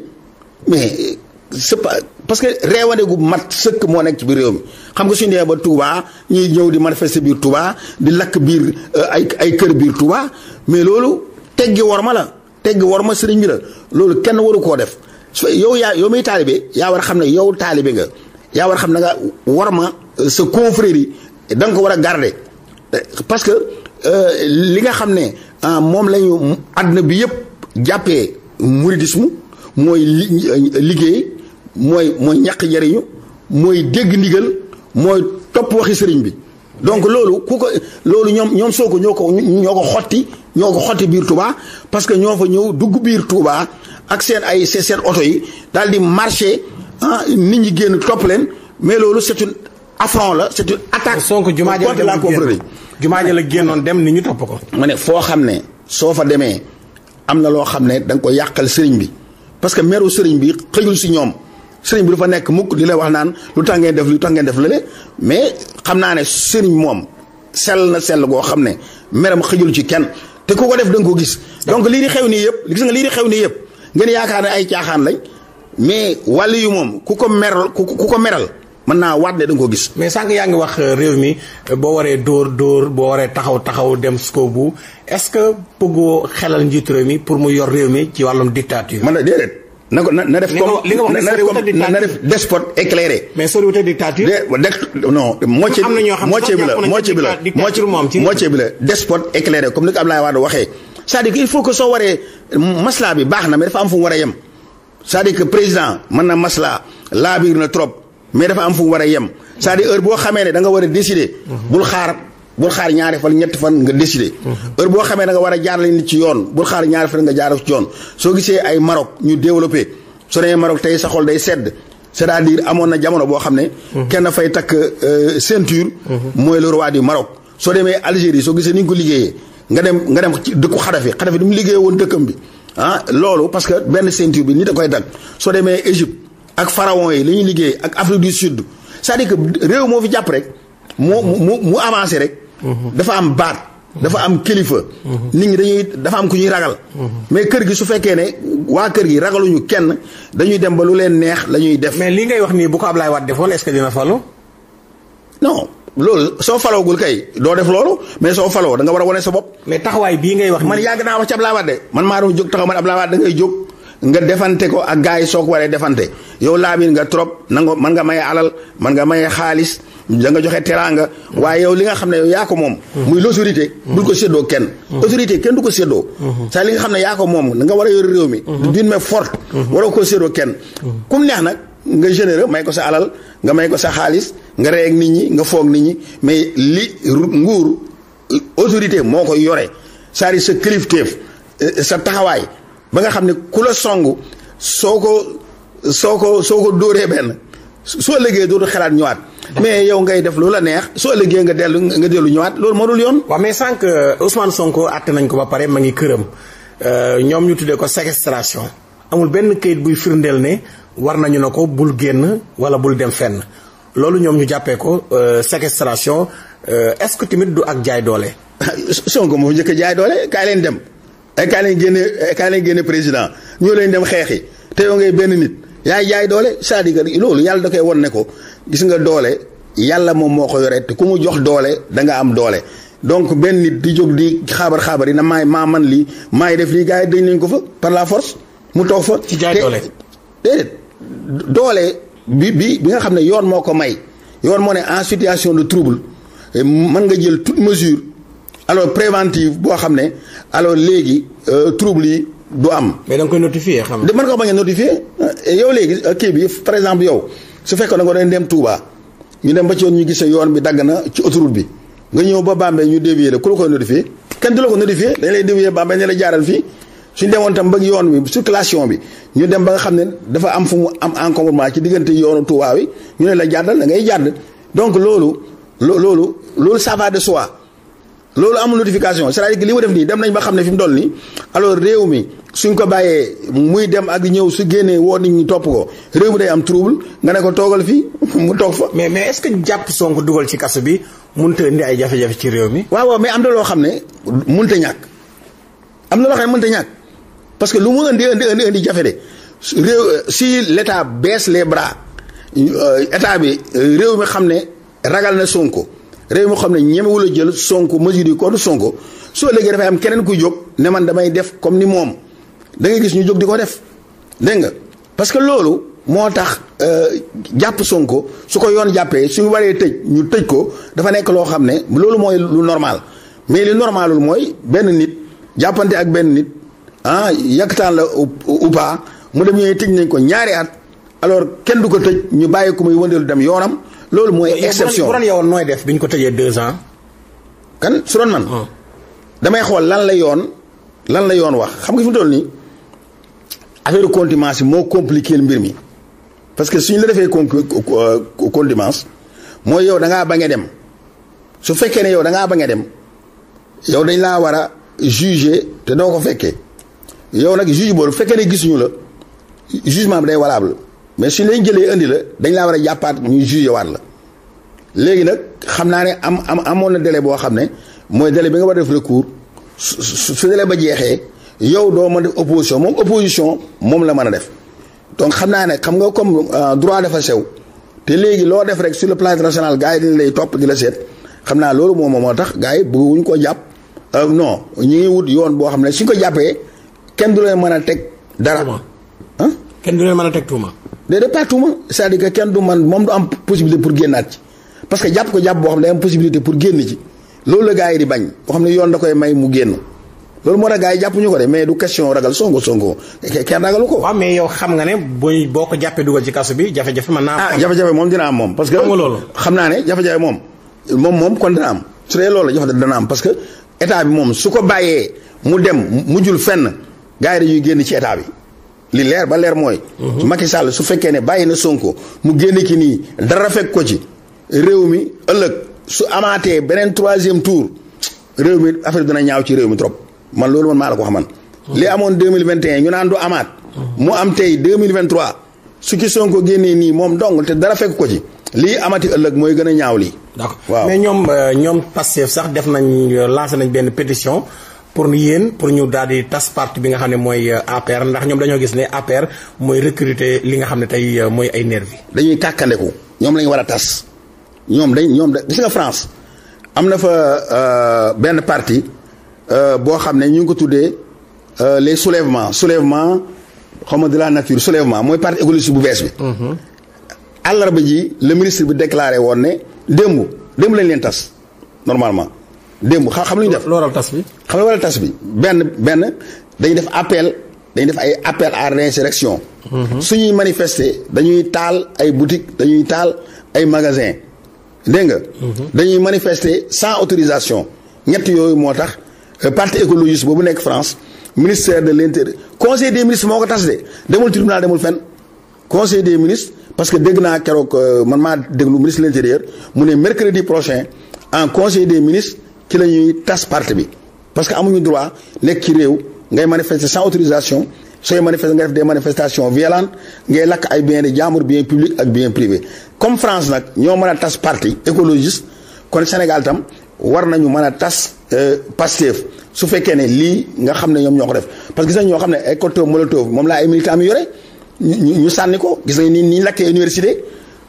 mais c'est pas parce que réewane gu mat sëkk moo nekk ci biir réew mi xam nga suñu ba Touba ñuy ñëw di manifester biir Touba di lakk biir euh, ay ay kër biir Touba mais loolu teggi war ma la teggi war ma sëriñ bi la loolu kenn waru koo def yow yaa yow muy taalibe yaa war a xam ne yow taalibe nga yaa war a xam ne nga war ma euh, sa confrérie yi da nga ko war a garder eh, parce que euh, li nga xam ne Ah, moom la ñu àdduna bi yëpp jàppee mouridisme mooy liggéey mooy mooy ñàkk jariñu mooy dégg ndigal mooy topp waxi sëriñ bi donc loolu ku ko loolu ñoom ñoom soo ko ñoo ko ñoo ko xotti ñoo ko xotti biir Touba parce que ñoo fa ñëw dugg biir Touba ak seen ay seen oto yi daal di marché ah nit ñi génn topp leen mais loolu c'est affront la c'est une attaque. Sonko jumaa ja la génn jumaa ja la génnoon dem ni ñu topp ko. ma ne foo xam ne soo fa demee am na loo xam ne da nga ko yàqal sëriñ bi parce que meru sëriñ bi xëyul si ñoom sëriñ bi dafa nekk mukk di la wax naan lu tax def lu tax ngeen def lële mais xam naa ne sëriñ moom sell na sell goo xam ne meram xëyul ci kenn te ku ko def da nga ko gis. donc lii di xew nii yëpp gis nga lii di xew nii yëpp ngeen yaakaar ne ay caaxaan lañ mais wàll yu moom ku ko meral ku ko meral. mën naa waat ne da ko gis. mais sànq yaa ngi wax euh, réew mi euh, boo waree dóor dóor boo waree taxaw taxaw dem bu est-ce que bëggoo xelal njiitu réew mi pour mu yor réew mi ci wàllum dictature. man la déedéet. na ko na def comme na def despote éclairé. mais sori wute dictature. de non moitié bi la moitié bi la moitié bi la moitié bi la despote éclairé comme ni ko Abdoulaye Wade waxee. c'est-à-dire que il faut que soo waree maslaa bi baax na mais dafa am fu war a yem c'est-à-dire que président mën na maslaa laa biir na trop. mais dafa am fu mu war a yem c'est-à-dire heure boo xamee ne da war a décider. bul xaar bul xaar ñaari fan ñetti fan nga décider. heure boo xamee da nga war a jaarale nit ci yoon bul xaar ñaari fan nga jaarale ci yoon soo gisee ay Maroc ñu développé soo demee Maroc tey sa xol day sedd. c'est-à-dire amoon na jamono boo xam ne. kenn fay takk euh, ceinture. mooy le roi du Maroc. soo demee Algérie soo gisee ni ko liggéeyee nga dem nga dem ci dëkku Xadafi Xadafi ni mu liggéeyee woon dëkkam bi ah loolu parce benn ceinture bi nit a koy takk soo demee Égypte. ak farawon yi la ñuy liggéey ak Afrique du Sud c'est-à-dire réew moo fi jàpp rek mu mu mu avancé rek. dafa am baat. dafa am kilifa. nit ñi dañuy dafa am ku ñuy ragal. mais kër gi su fekkee ne waa kër gi ragaluñu kenn dañuy dem ba lu leen neex la ñuy def. mais li ngay wax nii bu ko Ablaye Wade defoon est-ce que dina falu. non loolu soo faloogul kay doo def loolu mais soo faloo da nga war a wane sa bopp. mais taxawaay bii ngay wax. man yàgg naa wax ci Ablaye Wade man maa doon jóg taxaw man Ablaye Wade da jóg. nga defante ko ak gars yi soo waree defante yow laabir nga trop nango mën nga maye alal mën nga maye xaalis da nga joxe teraanga waaye yow li nga xam ne yow yaa ko moom muy l'autorité bul ko séddoo kenn autorité kenn du ko séddoo saa li nga xam ne yaa moom da nga war a yor réew mi d'une main forte waroo ko séddoo kum neex nag nga généreux may ko sa alal nga may ko sa xaalis nga rey nit ñi nga foog nit ñi mais li nguur autorité moo koy yore c'est-à-dire sa kilifteef sa taxawaay ba nga xam ne ku la song soo ko soo ko soo ko dóoree benn soo liggéey dootu xalaat ñëwaat. mais yow ngay def loolu la neex soo liggéey nga dellu nga dellu ñëwaat loolu moo yoon. waaw mais sànq euh, Ousmane Sonko àtte nañ ko ba pare ma ngi këram euh, ñoom ñu tuddee ko séquestration amul benn kayit buy firndeel ne war nañu na ko bul génn wala bul dem fenn loolu ñoom ñu jàppee ko euh, séquestration est-ce que tamit du ak jaay doole. Sonko moo njëkk jaay doole kaay leen dem. ay kaay leen génne ay kaay leen génne président ñoo leen dem xeexi te yow ngay benn nit yaay jaay doole c'est-à-dire loolu yàlla da koy won ne ko gis nga doole yàlla moom moo ko yore te ku mu jox doole da nga am doole. donc benn nit di jóg di xaabar xaabar yi na maay maa man lii maay def lii gars yi dañ nañ ko fa par la force mu toog fa. ci jaay doole déedéet doole bi bi bi nga xam ne yoon moo ko may yoon moo ne en situation de trouble mën nga jël toute mesure. alors préventive boo xam ne alors léegi euh, trouble yi du am. mais da nga koy notifié xam nga. mën nga ko bañ a euh, yow léegi euh, kii bi par exemple yow su fekkee da nga doon dem Touba ñu dem ba ci yoon ñu gisee yoon bi dagg na ci autoroute bi nga ñëw ba Bambey ñu dévier la ku la koy notifié kenn du la ko notifié dañ lay dévier Bambey ne jaaral fii. suñ demoon tam ba yoon bi circulation bi ñu dem ba nga xam ne dafa am fu mu am encombrement ci diggante yoonu Touba wi ñu ne la jàddal da ngay jàdd donc loolu. loo loolu loolu ça de soi loolu amul notification c'est-à-dire que li ma def nii dem nañ ba xam ne fi mu toll nii alors réew mi suñ ko bàyyee muy dem ak ñëw su génnee woo nit ñi topp ko réew mi day am trouble nga ne ko toogal fii mu toog fa. mais mais est-ce que jàpp sonk dugal ci kaso bi mënut a indi ay jafe-jafe ci réew mi. waaw waaw mais am na loo xam ne mënut a ñàkk am na loo xam ne mënut a ñàkk parce que lu mu indi indi indi indi jafe de réew si l'État bees les bras euh, état bi euh, réew mi xam ne ragal na Sonko. réew moo xam ne ñemewul a jël sonk mesure yi koodu Sonko soo léegi dafay am keneen kuy jóg ne man damay def comme ni moom da ngay gis ñu jóg di ko def dégg nga parce que loolu moo tax euh, jàpp Sonko su ko yoon jàppee su ñu waree tëj ñu tëj ko dafa nekk loo xam ne loolu mooy lu normal mais li normalul mooy benn nit jàppante ak benn nit ah yàkkataan la ou pas mu dem ñooy tëj nañ ko ñaari at alors kenn du ko tëj ñu bàyyi ko muy wëndeelu dem yoonam loolu mooy exception bu doon yowoon nooy def bi ñu ko tëjee deux ans kan su doon man ah. damay xool lan la yoon lan la yoon wax xam nga fi mu toll nii affaire contumace yi moo compliqué mbir mi parce que suñu la defee contumace mooy yow da ngaa bañ a dem su fekkee ne yow da ngaa bañ a dem yow dañ laa war a juger te doo ko fekkee yow nag juge boobu bu fekkee ne gisuñu la jugement bi day valable mais suñ leen jëlee indi la dañ laa war a jàppaat ñu jugé waat la léegi nag xam naa ne am am amoon na délai boo xam ne mooy délai bi nga war a def recours su su ba jeexee yow doo ma def opposition moom opposition moom la mën a def donc xam naa ne xam nga comme euh, droit dafa sew te léegi loo def rek sur le plan international gars yi dañ lay topp di la seet xam naa loolu moom moo tax gars yi bëgguñ ko jàpp euh, non ñu ngi wut yoon boo xam ne suñ ko jàppee kenn du leen mën a teg dara. ah kenn du leen mën a teg tuuma. déedéet pertuma c'est-à-dire que kenn du man moom du am possibilité pour génnaat ci parce que jàpp ko jàpp boo xam ne day am possibilité pour génn ci loolu la yoon da koy may mu génn loolu moo tax gars yi jàppuñu ko de question ragal songo songo kenn ragalu ko. waaw mais yow xam nga ne booy boo ko jàppee dugal ci kaso bi jafe-jafe mën naa. ah jafe-jafe moom dina am moom. parce que xam naa ne jafe-jafe moom. moom moom kon dina am su dee loolu jafe dana am parce que état bi moom su ko bàyyee mu dem mu jul fenn gars yi dañuy génn ci état bi. li leer ba leer mooy. Mhm. Macky Sall su fekkee ne bàyyi na Sonko mu génne ki nii dara fekk ko ci réew mi ëllëg su amaatee beneen troisième tour réew mi affaire dina ñaaw ci réew mi trop man loolu man maa la ko xam mhm. li amoon deux mille vingt et un ñu naan du amaat. mu am tey deux mille vingt trois su ci Sonko génnee nii moom dong te dara fekk ko ci. lii amati ëllëg mooy gën a ñaaw lii. d'accord waaw mais ñoom euh, ñoom Pastef sax def nañ euh, lancé nañ benn pétition. pour yéen pour ñu daal di tas parti bi nga xam ne mooy euh, APR ndax ñoom dañoo gis ne APR mooy recruter li nga xam ne tey euh, mooy ay nervi dañuy tàkkandeku ñoom lañu war a tas ñoom dañ ñoom da gis nga France am na fa euh, benn parti boo xam ne ñu ngi ko tuddee les soulevement soulevement xaw ma de la nature soulèvement mooy parti écologiste bu bees bi. Mm-hmm. àllarba ji le ministre bi déclaré woon ne démb démb lañ leen tas normalement. démb xam lu ñu def loolal tas bi. xam nga waral tas bi benn benn dañuy def appel dañuy def ay appel à su mhm. ñuy manifester dañuy taal ay boutiques dañuy taal ay magasins dégg nga. Mhm. dañuy manifester sans autorisation ñett yooyu moo tax euh, parti écologiste boobu nekk France ministère de l'intérieur conseil de ministres moo ko tas de demul tribunal demul fenn conseil des ministre parce que dégg naa keroog euh, man maa déglu ministre de l'intérieur mu ne mercredi prochain en conseil des ministres. ci la ñuy tas parti bi parce que amuñu droit lekk ci réew ngay manifester sans autorisation sooy manifester nga def des manifestations violentes ngay lakk ay biens de jàmbur bien public ak bien privé comme France nag ñoo mën a tas parti écologiste kon Sénégal tam war nañu mën a tas euh, Pastef su fekkee ne lii nga xam ne ñoom ñoo ko def parce que gis nañ ñoo xam ne ay cocktail molotov moom laa ay militants mi yore ñu sànni ko gis nañ ni ñu lakkee université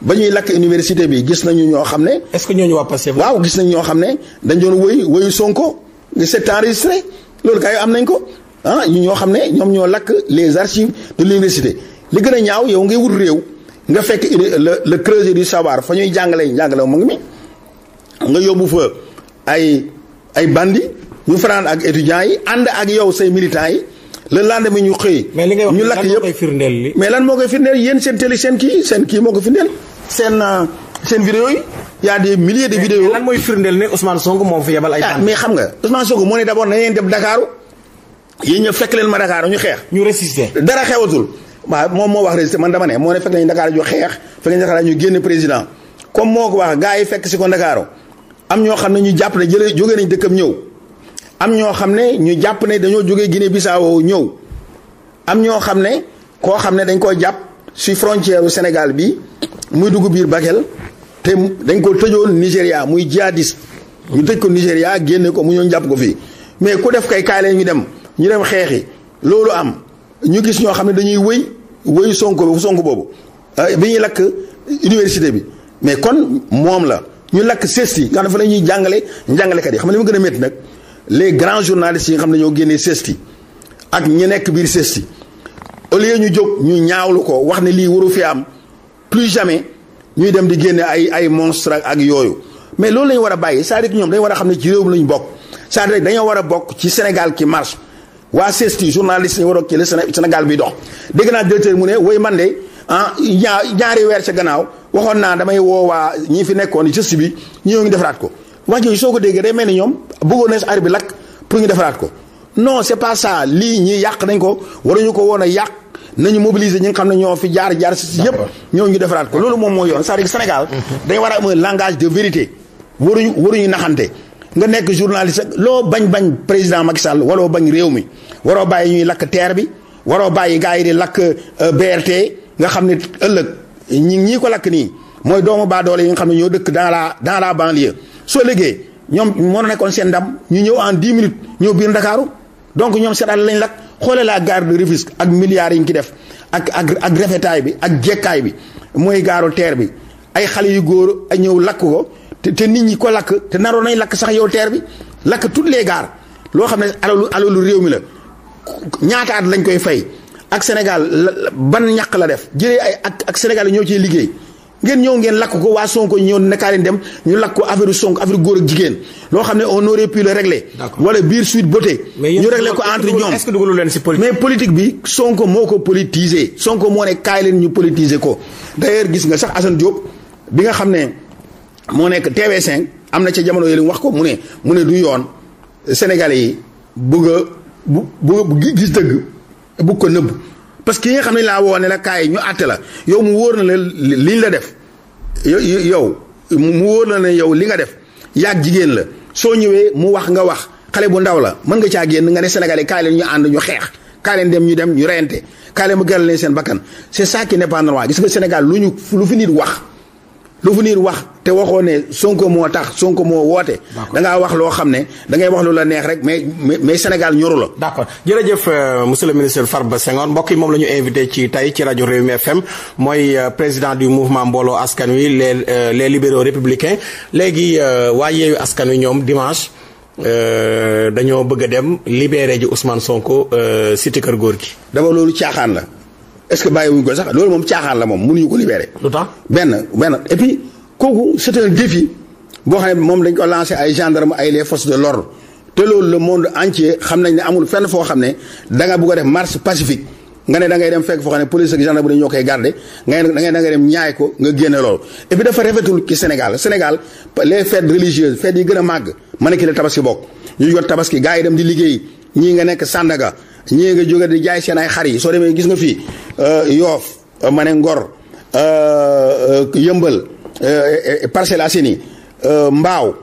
ba ñuy lakk université bi gis nañu ñoo xam ne. est-ce que ñooñu waa Pastef waaw gis nañ ñoo xam ne dañ doon wëy wëyu Sonko c'est enregistré loolu kay am nañ ko ah ñu ñoo xam ne ñoom ñoo lakk les archives de l'université li gën ñaaw yow ngay wut réew nga fekk le le creuset du savoir fa ñuy jàngalee njàngale mu ngi mi nga yóbbu fa ay ay bandi ñu fanaan ak étudiants yi ànd ak yow say militants yi la lendemain ñu xëy. ñu lakk yëpp mais li ngay wax lan moo koy firndeel li mais lan moo koy firndeel yéen seen télé seen kii seen kii moo ko firndeel. seen euh, seen vidéo yi y a des milliers de vidéos. mais lan mooy firndeel ne Ousmane Sonko moo fi yebal ay. Ah, mais xam nga Ousmane Sonko moo ne d'abord na ngeen dem Dakar yéen fekk leen ma Dakar ñu xeex. ñu résister dara xewatul. waaw moom moo wax résister man dama ne moo ne fekk nañu Dakar ñu xeex fekk nañu Dakar ñu génn président comme moo ko wax gars yi fekk si ko Dakar am ñoo xam ne ñu jàpp ne joge jógee nañ dëkkam ñëw am ñoo xam ne ñu jàpp ne dañoo jógee Guinée Bissau ñëw am ñoo xam ne koo xam ne dañ koo jàpp si frontière u bi muy dugg biir Bakel te dañ koo tëjoon Nigéria muy jihadiste. ñu tëj ko Nigéria génne ko mu ñëw jàpp ko fii mais ku def kay kaay leen ñu dem ñu dem xeexi loolu am ñu gis ñoo xam ne dañuy wëy wëyu Sonko bi sonk boobu euh, bi ñuy lakk université bi mais kon moom la ñu lakk CESTI nga xam ne fa ñuy jàngale njàngalekat yi xam ne li ma nag les grands journalistes yi nga xam ne ñoo génnee CESTI ak ñu nekk biir CESTI au lieu ñu jóg ñu ñaawlu ko wax ne lii waru fi am plus jamais ñuy dem di génne ay ay monstre ak yooyu mais loolu lañu war a bàyyi cest à ñoom dañu war a xam ne ci réew mi lañu bokk cest à dañoo war a bokk ci Sénégal ki marche waa CESTI journaliste ñu waroo a kii la Sénégal bi dox dégg naa directeur mu ne woy man de ah ñaari weer ci gannaaw waxoon naa damay woo waa ñi fi nekkoon gëstu bi ñoo ngi defaraat ko wax jooju soo ko déggee day mel ni ñoom bëggoon na ar bi lakk pour ñu defaraat ko non c'est lii ñii yàq nañ ko waruñu ko woon a yàq. nañu mobiliser ñi nga xam ne ñoo fi jaar jaar si yëpp ñoo ñu defaraat ko loolu moom mooy yoon cest à Sénégal mhm. dañ war a am langage de vérité waruñu waruñu naxante nga nekk journaliste loo bañ bañ président Macky Sall waroo bañ réew mi waroo bàyyi ñuy lakk terre bi waroo bàyyi gars yi di lakk euh, BRT nga xam ne ëllëg ñi ñii ko lakk nii mooy doomu baadoole yi nga xam ne ñoo dëkk dans la dans la banlieue soo liggéey ñoom moo nekkoon seen ndam ñu ñëw en dix minutes ñëw biir Ndakaaru donc ñoom seen àll lañ lakk xoolee la gare de Rufisque ak milliards yi ci def ak ak ak rafetaay bi ak jekkaay bi mooy gaaru teer bi ay xale yu góor a ñëw lakk ko te te nit ñi ko lakk te naroon nañ lakk sax yow teer bi lakk toutes les gares loo xam ne alalu alalu réew mi la ñaata at lañ koy fay ak Sénégal ban ñàkk la def jëlee ay ak ak Sénégal yi ñoo ciy liggéey. ngeen ñëw ngeen lakk ko waa Sonko ñëw nekkaa leen dem ñu lakk ko affaire Sonko affaire góor ak jigéen loo xam ne on aurait pu le régler wala biir suite beauté ñu régler ko entre ñoom mais politique bi Sonko moo ko politisé Sonko moo ne kaay leen ñu politiser ko d'ailleurs gis nga sax Assane Diop bi nga xam ne moo nekk TV5 am na ca jamono yële wax ko mu ne mu ne du yoon sénégal yi bëgg a bu bu dëgg bëgg ko nëbb parce que yi nga xam ne laa woo ne la kaay ñu àtte la yow mu wóor na la liñ la def yow mu wóor la na yow li nga def yaag jigéen la soo ñëwee mu wax nga wax xale bu ndaw la mën nga caa génn nga ne sénégalais kaay leen ñu ànd ñu xeex kaay dem ñu dem ñu reyante kaay leen mu leen seen bakkan c'est ça qui n'est gis nga Sénégal lu ñu lu fi nit wax lu fu niir wax te waxoo ne Sonko moo tax Sonko moo woote. da ngaa wax loo xam ne da wax lu la neex rek mais mais Sénégal ñoru la. d' accord jërëjëf euh, monsieur le ministre Farba Senghor mbokk yi moom la ñu invité ci tey ci rajo Rewmi FM mooy euh, président du mouvement mbooloo askan wi les euh, les libéraux républicains léegi waa yeeyu askan wi ñoom dimanche. dañoo bëgg a dem libéré ji Ousmane Sonko cité kër góor gi. d'abord loolu caaxaan la est-ce que bàyyi wuñ ko sax loolu moom caaxaan la moom mënuñu ko libéré. lu tax benn benn et kooku c'est un boo xam ne moom dañ ko lancé ay gendarme ay les forces de l'ordre te loolu le monde entier xam nañ ne amul fenn foo xam ne da nga bëgg a def marche pacifique nga ne da ngay dem fekk foo xam ne police ak gendarme dañoo koy garder nga ne da ngay da dem ñaay ko nga génne loolu. et puis dafa rafetul ci Sénégal Sénégal les fêtes religieuses fêtes yi gën a màgg ma ne ki la tabaski bokk ñu jot tabaski gars yi dem di liggéey ñii nga nekk Sandaga. ñii nga jóge di jaay seen ay xar yi soo demee gis nga fii euh, yoof euh, ma ne ngor euh, yëmbal Parcelles Assainies mbaaw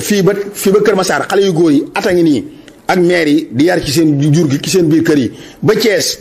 fii ba fii ba Kër Massar xale yu góor yi ata ngi nii ak maire yi di yar ci seen jur gi ci seen biir kër yi ba Thiès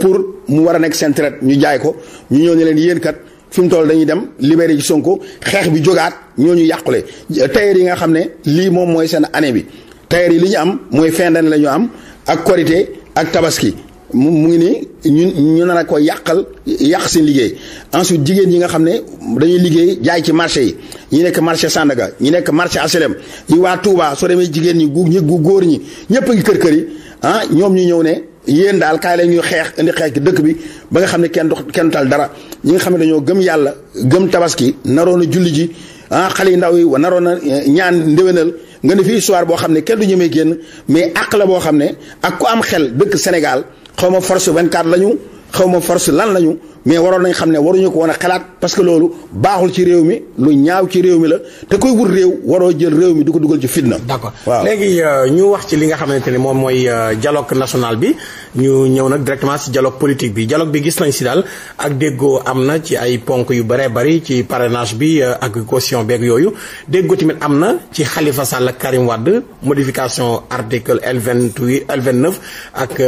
pour mu war a nekk seen traite ñu jaay ko ñu ñëw ne leen yéen kat fi mu toll dañuy dem libéré ci Sonko xeex bi ñoo ñu yàqule tailleur yi nga xam ne lii moom mooy seen année bi tailleur yi li ñu am mooy fin d'année la ñu am ak korité ak tabaski mu mu ngi nii ñun ñu nar a ko yàqal yàq seen liggéey ensuite jigéen ñi nga xam ne dañuy liggéey jaay ci marché yi ñu nekk marché Sandaga ñu nekk marché HLM yi waa Touba soo demee jigéen ñi gu ñi gu góor ñi ñëpp ngi kër kër yi ah ñoom ñu ñëw ne yéen daal kaay la xeex indi xeex ki dëkk bi ba nga xam ne kenn du kenn tal dara ñi nga xam ne dañoo gëm yàlla gëm tabaski naroon a julli ji ah xale yu ndaw yi naroon a eh, ñaan ndéwénal nga ne fi histoire boo xam ne kenn du ñemee génn mais àq la boo xam ne ak ku am xel dëkk Sénégal xaw ma force 24 lañu xaw ma force lan lañu mais waroon nañ xam ne waruñu ko woon a xalaat que loolu baaxul ci réew mi lu ñaaw ci réew mi la te koy wut réew waroo jël réew mi du ko dugal ci fitna. d'accord waaw léegi euh, ñu wax ci li nga xamante ne moom mooy euh, dialogue national bi ñu ñëw nag directement si dialogue politique bi dialogue bi gis nañ si daal ak déggoo am na ci ay ponk yu bëree bëri ci parrainage bi euh, ak caution beeg yooyu déggoo tamit am na ci xalifa Sall ak Karim Wade modification article L28 L29 ak.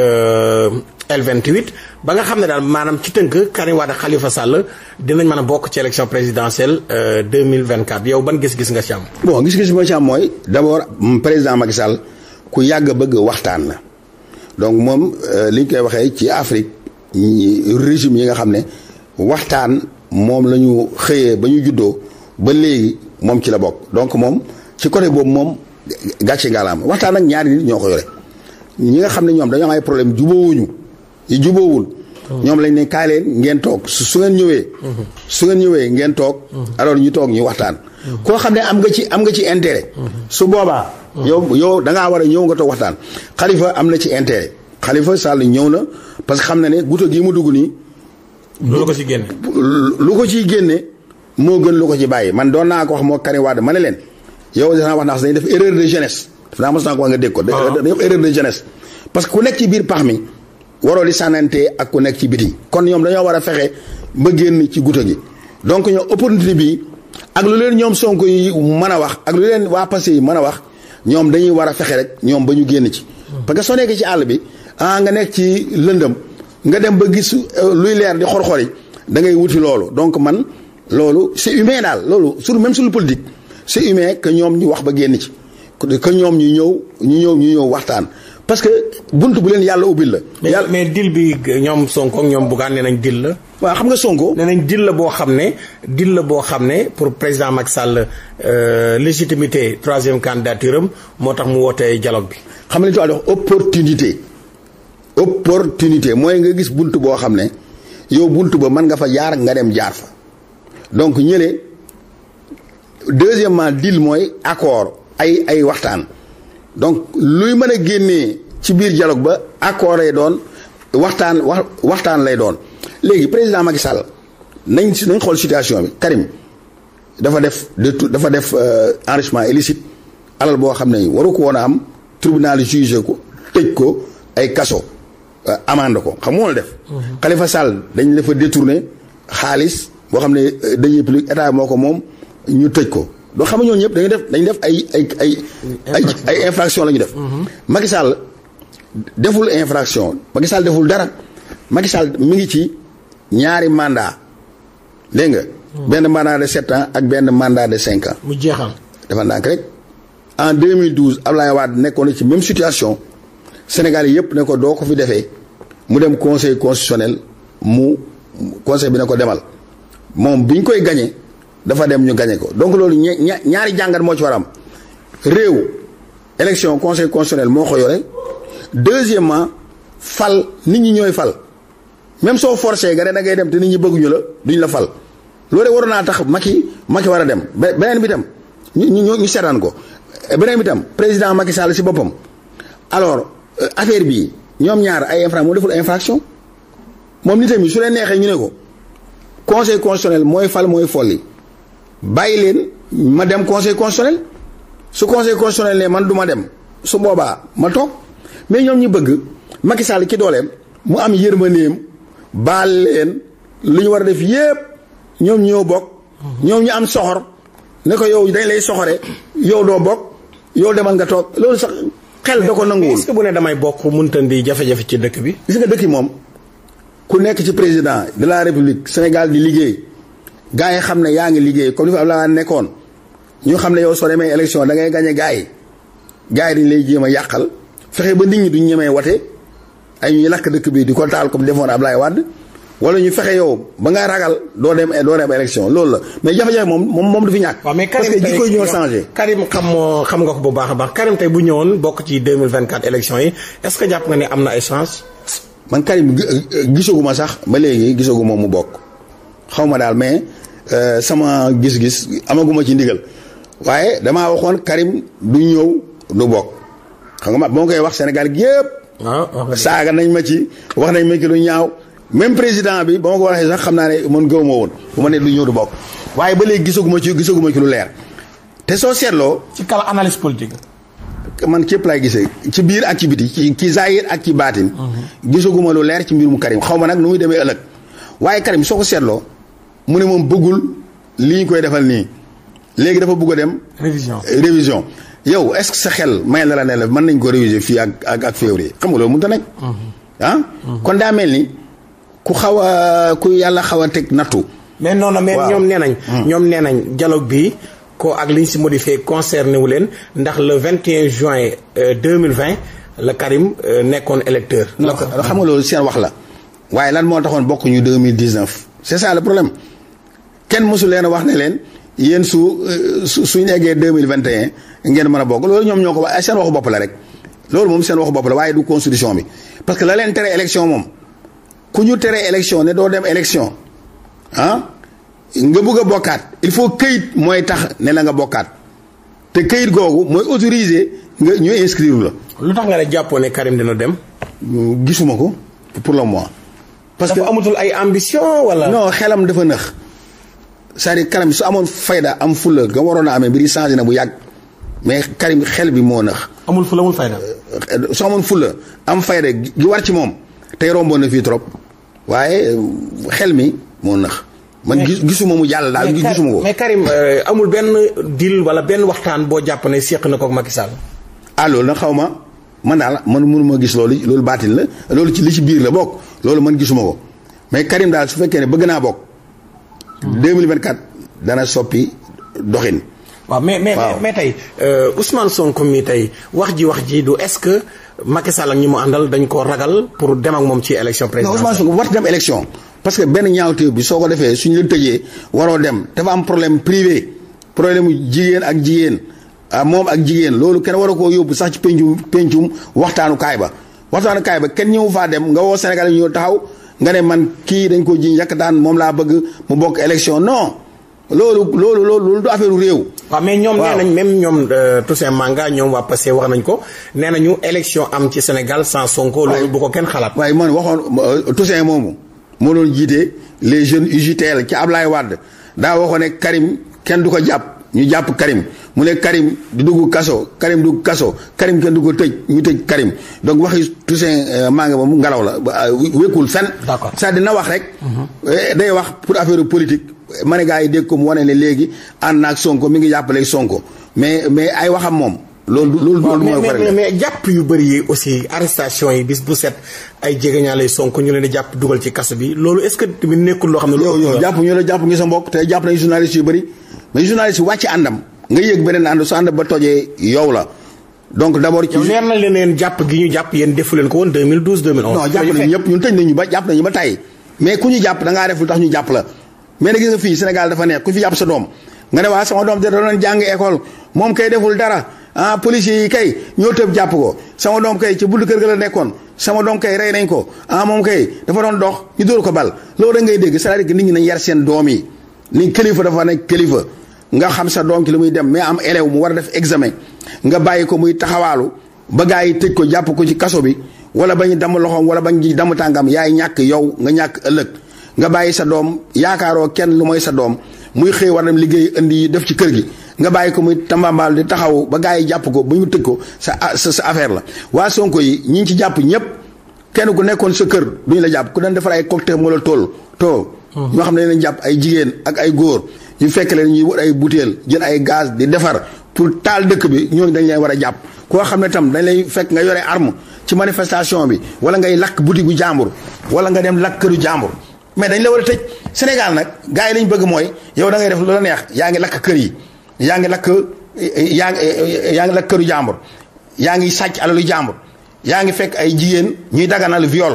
L28 ba nga xam ne daal maanaam ci tënk Karim Wade Khalifa Sall dinañ mën a bokk ci élection présidentielle 2024 euh, yow ban gis-gis nga ci am. bon gis-gis moo ci am mooy d'abord mm, président Macky Sall ku yàgg a bëgg waxtaan la donc moom euh, liñ koy waxee ci Afrique régime yi nga xam ne waxtaan moom la ñu xëyee ba ñu juddoo ba léegi moom ci la bokk donc moom ci côté boobu moom gàcce ngaalaam waxtaan ak ñaari nit ñoo ko yore ñi nga xam ne ñoom dañoo am ay problème jubóowuñu juboowul ñoom lañ ne kaay leen ngeen toog su ngeen ñëwee su ngeen ñëwee ngeen toog alors ñu toog ñu waxtaan koo xam ne am nga ci am nga ci intérêt su boobaa yow yow da war a ñëw nga toog waxtaan xalifa am na ci intérêt xalifa Sall ñëw na parce que xam na ne guta gi mu dugg nii lu ko ci génne lu ko ciy génne moo gën lu ko ci bàyyi man doon naa ko wax moo Karim Wade ma ne leen yow danaa wax naa sax dañuy def erreur de jeunesse daf naa mos naa ko wax nga dégg ko ah. dañuy def parce que ku nekk ci biir pax mi waroo di sànnante ak ku nekk ci biti kon ñoom dañoo war a fexe ba génn ci guta gi donc ñoo opportunité bii ak lu leen ñoom sonk yi mën a wax ak lu leen waa passé yi mën a wax ñoom dañuy war a fexe rek ñoom ba ñu génn ci parce que soo nekkee ci àll bi ah nga nekk ci lëndëm nga dem ba gis euh, luy leer di xor-xori da ngay wuti loolu donc man loolu c'est humain daal loolu sur même sur le politique que ñoom ñu wax ba génn ci que ñoom ñu ñëw ñu ñëw ñu ñëw waxtaan parce que buntu bu leen yàlla ubbil la. yàlla mais dil bi ñoom Sonko ñoom Bougane nee nañ dil la. waaw xam nga Sonko. nee nañ dil la boo xam ne dil la boo xam ne pour président mag Sall euh, légitimité troisième candidature am moo tax mu wootee dialogue bi. xam nga li ñu opportunité. opportunité mooy nga gis bunt boo xam ne yow bunt ba mën nga fa jaar nga dem jaar fa donc ñële deuxièmement dil mooy accord ay ay waxtaan. donc luy mën a génnee ci biir dialogue ba accord lay doon waxtaan wax waxtaan lay doon léegi président Macky Sall nañ si nañ xool situation bi Karim dafa def de tout dafa def euh, enrichissement illicite alal boo xam ne waru ko woon a am tribunal jugé ko tëj ko ay kaso euh, amande ko xam nga def. Mhm. Khalifa Sall dañ la détourné xaalis boo xam ne euh, dañuy public état moo ko moom ñu tëj ko. doo xam ñooñu ñëpp dañu def dañu def ay ay ay ay ay infraction def mm-hmm. Macky Sall deful infraction Macky deful dara Macky Sall mi ngi ci ñaari mandat dégg nga mm-hmm. benn mandat de sept ans ak benn mandat de cinq ans mu jeexal dafa ndànk rek en 2012 Ablaye Wade nekkoon ci même situation Sénégal yi yëpp ne ko doo ko fi defee mu dem conseil constitutionnel mu conseil bi ne ko demal moom bi ñu koy gañe dafa dem ñu gañe ko donc loolu ñaari jàngat moo ci war am réew élection conseil constitutionnel moo ko yore deuxièmement fal nit ñi ñooy fal même soo forcé nga ne da dem te nit ñi bëgguñu la duñ la fal loolu de waroon naa tax Macky Macky war a dem beneen bi tam ñu ñu ñu seetaan ko beneen bi tam président Macky Sall si boppam alors euh, affaire bii ñoom ñaar ay infraction moo deful moom nitam yi su leen neexee ñu ne ko conseil constitutionnel mooy fal mooy folli bàyyi leen ma dem conseil su conseil constitutionnel ne man duma dem su boobaa ma toog mais ñoom ñu bëgg Macky Sall ci dooleem mu am yërmandeem baal leen lu ñu war a def yépp ñoom ñoo bokk. ñoom ñu am soxor ne ko yow dañ lay soxore yow doo bokk yow demal nga toog loolu sax xel da ko nanguwul. est-ce bu ne damay bokk mënut di jafe-jafe ci dëkk bi. gis nga dëkk moom ku nekk ci président de la république Sénégal di liggéey. gars yi xam ne yaa ngi liggéey comme ni fa Abdoulaye nekkoon ñu xam ne yow soo demee élection da ngay gañe gars yi gars yi dañ lay jéem a yàqal fexe ba nit ñi du duñ ñemee wate ay ñuy lakk dëkk bi di ko taal comme defoon Abdoulaye wala ñu fexe yow ba nga ragal doo dem doo dem élection loolu la mais jafe-jafe moom moom moom du fi ñàkk. parce que jikko ñoo changé. Karim xam xam nga ko bu baax a baax Karim tey bu ñëwoon bokk ci 2024 élection yi est-ce que jàpp nga ne am na ay chance. man Karim gisaguma sax ba léegi gisaguma mu bokk xaw ma daal mais. Euh, sama gis-gis amaguma ci ndigal waaye damaa waxoon Karim du ñëw du bokk xam nga ma boo koy wax Sénégal gi yëpp ah, ah, saaga nañ ma ci wax nañ ma ci lu ñaaw même président bi ba ma ko waxee sax xam naa ne man gëwuma woon bu ma ne du ñëw du bokk waaye ba léegi gisaguma ci gisaguma ci lu leer te soo seetloo. ci kala analyse politique. man képp laay gisee ci biir ak ci ci ci ak ci baatin. Mhm. gisaguma lu leer ci mbirum Karim xaw ma nag nu muy demee ëllëg waaye Karim soo ko seetloo. mu ne moom bëggul li ñu koy defal nii léegi dafa bëgg dem. révision révision yow est-ce que sa xel may la la ne mën nañ ko réviser fii ak ak ak février xam nga loolu mënut a nekk. Mhm. ah mhm. kon daa mel ni ku xaw a ku yàlla xaw a teg nattu. mais non non mais ñoom nee nañ. Hmm. ñoom nee nañ dialogue bi ko ak li ñu si modifié concerné wu leen ndax le 21 juin 2020 euh, la Karim euh, nekkoon électeur. xam nga loolu seen wax la waaye lan moo taxoon bokkuñu 2019 c'est ça le problème. kenn mosu leen wax ne leen yéen su euh, su suñ eggee deux mille vingt et un ngeen mën a bokk loolu ñoom ñoo ko wax seen waxu bopp la rek loolu moom seen waxu bopp la waaye du constitution bi parce que la leen tere élection moom ku ñu tere élection ne doo dem élection ah nga bëgg a bokkaat il faut këyit mooy tax ne la nga bokkaat te këyit googu mooy autorisé nga ñu inscrire la. lu tax nga ne jàppoo ne Karim dina dem. gisuma ko pour le moment. parce que amatul ay ambition wala. non xelam dafa nëx. c'est-à-dire Karim su amoon fayda am fulla nga waroon a amee mbir yi changé na bu yàgg mais Karim xel bi moo nax. amul fulla amul fayda. Euh, su amoon fulla am fayda gi war ci moom tey romboon na fii trop waaye euh, xel mi moo nax. man gisuma mu jàll daal gisuma ko. mais Karim euh, amul benn deal wala benn waxtaan boo jàpp ne seq na ko ak Macky Sall. Ah, xaw ma man daal man mënuma gis loolu loolu baatin la loolu ci li ci biir la bokk loolu man gisuma ko mais Karim daal su fekkee ne bëgg naa bokk. deux mille vingt quatre dana soppi doxin. waaw mais mais mais tey euh, Ousmane Sonko mi tey wax ji wax ji du est-ce que Macky Sall ñi mu àndal dañ koo ragal pour dem ak moom ci élection présidentielle. non Ousmane Sonko war dem élection parce que benn ñaawteew bi soo ko defee suñu la tëjee waroo dem dafa am problème privé problème mu jigéen ak jigéen ah, moom ak jigéen loolu kenn war a koo yóbbu sax ci pencum pencum waxtaanu kaay ba waxtaanu kaay ba kenn ñëw faa dem nga woo Sénégal yi ñëw taxaw. nga ne man kii dañ ko jiñ yàkk daan moom laa bëgg mu bokk élection non loolu loolu loolu du affaire réew. waa mais ñoom nee nañ même ñoom euh, Toussaint Manga ñoom waa Pastef wax nañ ko nee nañu élection am ci Sénégal sans Sonko. loolu bu ko kenn xalaat. waaye man waxoon euh, Toussaint moomu moo loolu jiite les jeunes UJTL ci Ablaye Wade daa waxoon ne Karim kenn du ko jàpp ñu jàpp Karim. mu ne Karim di dugg kaso Karim dugg kaso Karim kenn du ko tëj ñu tëj Karim donc waxi Toussaint Manga ba mu ngelaw la euh, wékkul fenn c'est-à-dire na wax rek mhm. eh, day wax pour affaire politique ma ne gars yi dégg ko mu wane ne léegi ànd ak Sonko mi ngi jàppale Sonko mais mais ay waxam moom loolu loolu loolu mooy mais mais jàpp yu bëri yi aussi arrestation yi bis bu set ay jegeñaale Sonko ñu leen jàpp dugal ci kaso bi loolu est-ce que tamit nekkul loo xam ne. jàpp ñu la jàpp ngi sa mbokk te jàpp nañu journaliste yu bëri mais nga yéeg beneen ànd su ànd ba tojee yow la donc d' abord. ci leer na leen jàpp gi ñu jàpp yéen defu leen ko woon 2012 2011. non jàpp nañu ñëpp ñun tëj nañu ba jàpp nañu ku ñu jàpp da ngaa def lu jàpp la mais nag gis nga fii Sénégal dafa nekk ku fi jàpp sa doom nga ne waa sama doom da doon jàng école moom kay deful dara ah policiers yi kay ñoo tëb jàpp ko sama doom kay ci buddu kër ga la nekkoon sama doom kay rey nañ ko ah, moom kay dafa doon dox ñu dóor ko bal loolu da ngay dégg c'est-à-dire que nit ñi nañ yar seen doom yi ni kilifa dafa nekk kilifa nga xam sa doom ci li muy dem mais am élève mu war a def examen nga bàyyi ko muy taxawaalu ba gaa yi tëj ko jàpp ko ci kaso bi wala ba ñu damm loxoom wala ba ñu damm tàngam yaay ñàkk yow nga ñàkk ëllëg nga bàyyi sa doom yaakaaroo kenn lu mooy sa doom muy xëy war dem liggéey indi def ci kër gi nga bàyyi ko muy tambambaal di taxaw ba gaa yi jàpp ko ba ñu tëj ko sa sa affaire la waa Sonko yi ñi ngi ci jàpp ñëpp kenn ku nekkoon sa kër duñu la jàpp ku doon defar ay cocktail moo la too hmm. ñoo xam ne leen jàpp ay jigéen ak ay góor ñu fekk leen ñuy wut ay butéel jël ay gaz di defar pour taal dëkk bi ñooñu dañ leen war a jàpp koo xam ne tam dañ lay fekk nga yore arme ci manifestation bi wala ngay lakk boutique bu jàmbur wala nga dem lakk këru jàmbur mais dañ la war a Sénégal nag gars yi lañ bëgg mooy yow da ngay def lu neex yaa ngi lakk a yi yaa ngi lakk yaa ngi yaa ngi lakk këru jàmbur yaa ngi sàcc alalu jàmbur yaa ngi fekk ay jigéen ñuy daganal viol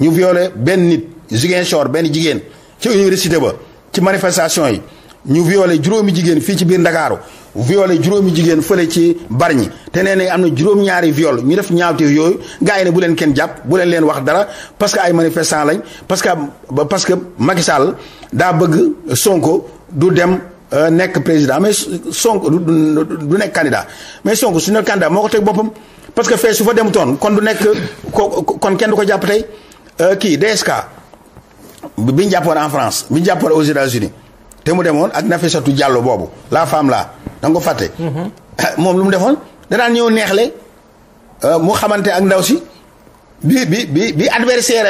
ñu violé benn nit Ziguinchor benn jigéen ci université ba ci manifestation yi ñu viole juróomi jigéen fii ci biir Ndakaaru violé juróomi jigéen fële ci bari ñi te nee nañ am na juróom-ñaari viole ñu def ñaawteef yooyu gars yi ne bu leen kenn jàpp bu leen leen wax dara parce que ay manifestant lañ parce que parce que Macky Sall daa bëgg Sonko du dem euh, nekk président mais Sonko du du nekk candidat mais Sonko su nekk candidat moo ko teg boppam parce que fee su fa dem toon kon du nekk ko kon kenn du ko jàpp tey euh, kii DSK bi ñu jàppoon en France bi ñu jàppoon aux États-Unis te mu demoon ak Nafisatu Diallo boobu la femme la da nga fàtte. Mhm. moom lu mu defoon danaan ñëw neexle euh, mu xamante ak ndaw si bi bi bi bi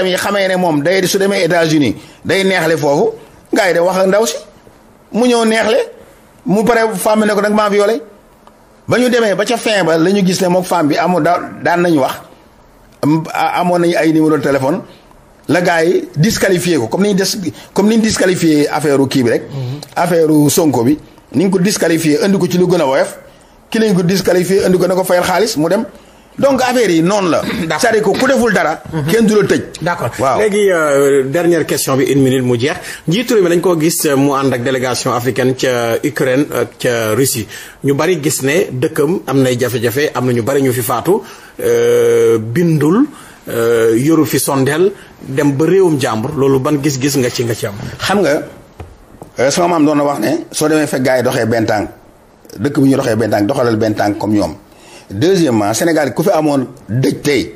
yi xamee ne moom day su demee États-Unis day neexle foofu gars yi de wax ak ndaw si mu ñëw neex le mu pare femme ne ko nag maa violé ba ñu demee ba ca fin ba la ñu gis ne moom femme bi amoon daan nañu wax amoon nañu ay numéro téléphone. la gars yi disqualifié ko comme ni ñu des comme ni ñu disqualifié affaire kii bi rek. Mhm. affaire Sonko bi ni ñu ko disqualifié andi ko ci lu gën a woyof ki lañ ko disqualifié andi ko na ko fayal xaalis mu dem. donc affaire yi noonu la. c'est-à-dire que ku deful dara. Mhm. kenn du la tëj. waaw léegi euh, dernière question bi une minute mu jeex njiitu réew mi dañ koo gis euh, mu ànd ak délégation africaine ca Ukraine ak euh, ca Russie ñu bari gis ne dëkkam am nay jafe-jafe am na ñu bari ñu fi faatu bindul. Euh, yoru fi sondeel dem ba réewum jàmbur loolu ban gis-gis nga ci nga ci am. xam nga euh, sama maam doon na wax ne soo demee fekk gars yi doxee benn dëkk bu ñu doxee benn doxalal benn comme ñoom deuxièmement Sénégal ku fi amoon dëj tey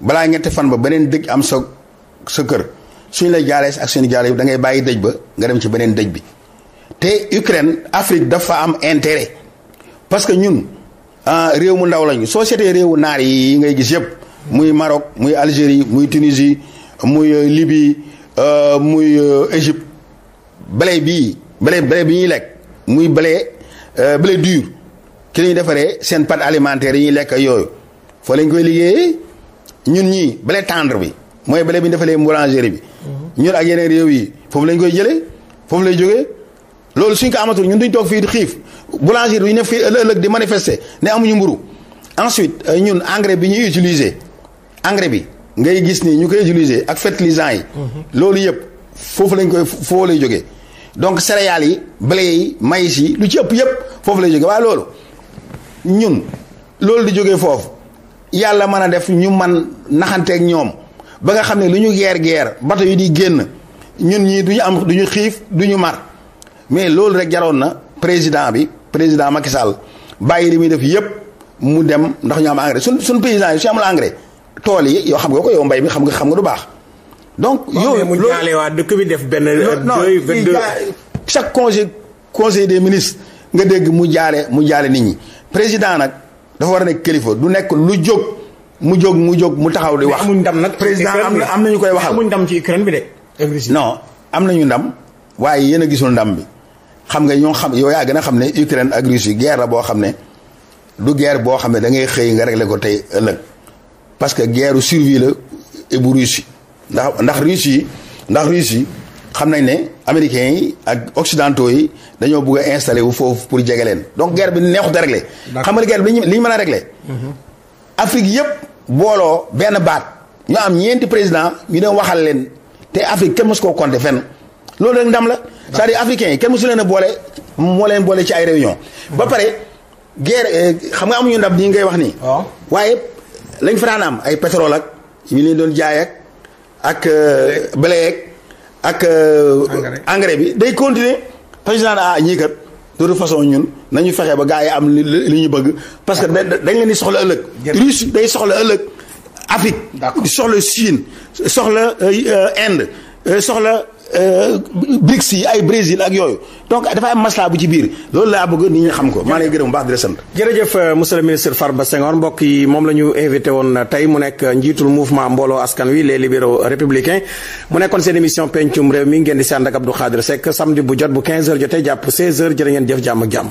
balaa ñetti fan ba beneen dëj am sa sa kër suñu lay jaaree ak suñu jaaree da ngay bàyyi dëj ba nga dem ci beneen dëj bi te Ukraine Afrique dafa am intérêt parce que ñun ah, réew mu ndaw lañu société réewu naar yi ngay gis yëpp. muy Maroc muy Algérie muy Tunisie muy euh, Libye euh, muy euh, Égypte blé bii blé blé bi ñuy lekk muy blé blé dur ki la defaree seen pâte alimentaire yi ñuy lekk yooyu foo lañ koy liggéeyee ñun ñii blé tendre bi mooy blé bi ñu defalee boulangerie bi mhm. ñun ak yeneen réew yi foofu lañ koy jëlee foofu lay jóge loolu suñ ko amatul ñun duñ toog fii xiif boulanger bi ñu ne fii ëllëg di manifester ne amuñu mburu ensuite ñun engrais bi ñuy utiliser engrais bi ngay gis nii ñu koy utiliser ak fertilisant yi. loolu yëpp foofu lañu koy foo lay jógee. donc céréales yi blé yi maïs yi lu ci ëpp yëpp foofu lay jóge waaye loolu ñun loolu di jógee foofu yàlla mën a def ñu man naxanteeg ñoom ba nga xam ne lu ñu geer geer yi di génn ñun ñii duñu am duñu xiif du ñu mar mais loolu rek jaroon na président bi président Macky Sall bàyyi li muy def yëpp mu dem ndax ñu am engrais suñ suñ paysans yi su amul engrais. tool yi yow xam nga ko yow mbay mi xam nga xam nga du baax. donc yooyu mu ñaale waa dëkk bi def benn. chaque conseil conseil des ministres nga dégg mu jaale mu jaale nit ñi président nag dafa war a nekk kilifa du nekk lu jóg mu jóg mu jóg mu taxaw di wax. amuñ ndam nag président am am ñu koy waxal amuñ ndam ci Ukraine bi de. non am na ñu ndam waaye yéen a gisul ndam bi xam nga ñoo xam yow yaa gën a xam ne Ukraine ak Russie guerre la boo xam ne du guerre boo xam ne da ngay xëy nga réglé ko tey ëllëg. parce que guerre survie la et bu Russie ndax ndax Russie yi ndax Russie yi xam nañ ne américains yi ak occidentaux yi dañoo bëgg a installé wu foofu pour jege leen donc guerre bi neexut a réglé. xam nga guerre bi li ñu mën a réglé. Mm-hmm. Afrique yëpp booloo benn baat ñu am ñeenti président ñu dem waxal leen te Afrique kenn mës koo compté fenn loolu rek ndam la. cest à yi kenn mësu leen a boole moo leen boole ci ay réunion ba mm-hmm. pare guerre eh, xam nga amuñu ndam nii ngay wax nii. Oh. lañ fa am ay pétrole ak ñu leen doon jaay ak ak euh, blé ak euh, engrais bi day continuer président ah ñii kat de façon ñun nañu fexe ba gars yi am li ñu bëgg parce que dañ leen di soxla ëllëg Russie day soxla ëllëg Afrique soxla Chine soxla euh, Inde soxla Euh, BRICS yi ay Brésil ak yooyu donc dafa am maslaa bu ci biir loolu laa bëgg nit ñi xam ko maa lay gërëm bu baax di la a jërëjëf euh, monsieur le ministre Farba Senghor mbokk yi moom la ñu invité woon euh, tey mu nekk njiitul mouvement mbooloo askan wi les libéraux républicains mu nekkoon seen émission pencum réew mi ngeen di si ànd ak Abdou Khadre Seck samedi bu jot bu 15 jotee jàpp 16h jërë ngeen jëf jàmm jàmm.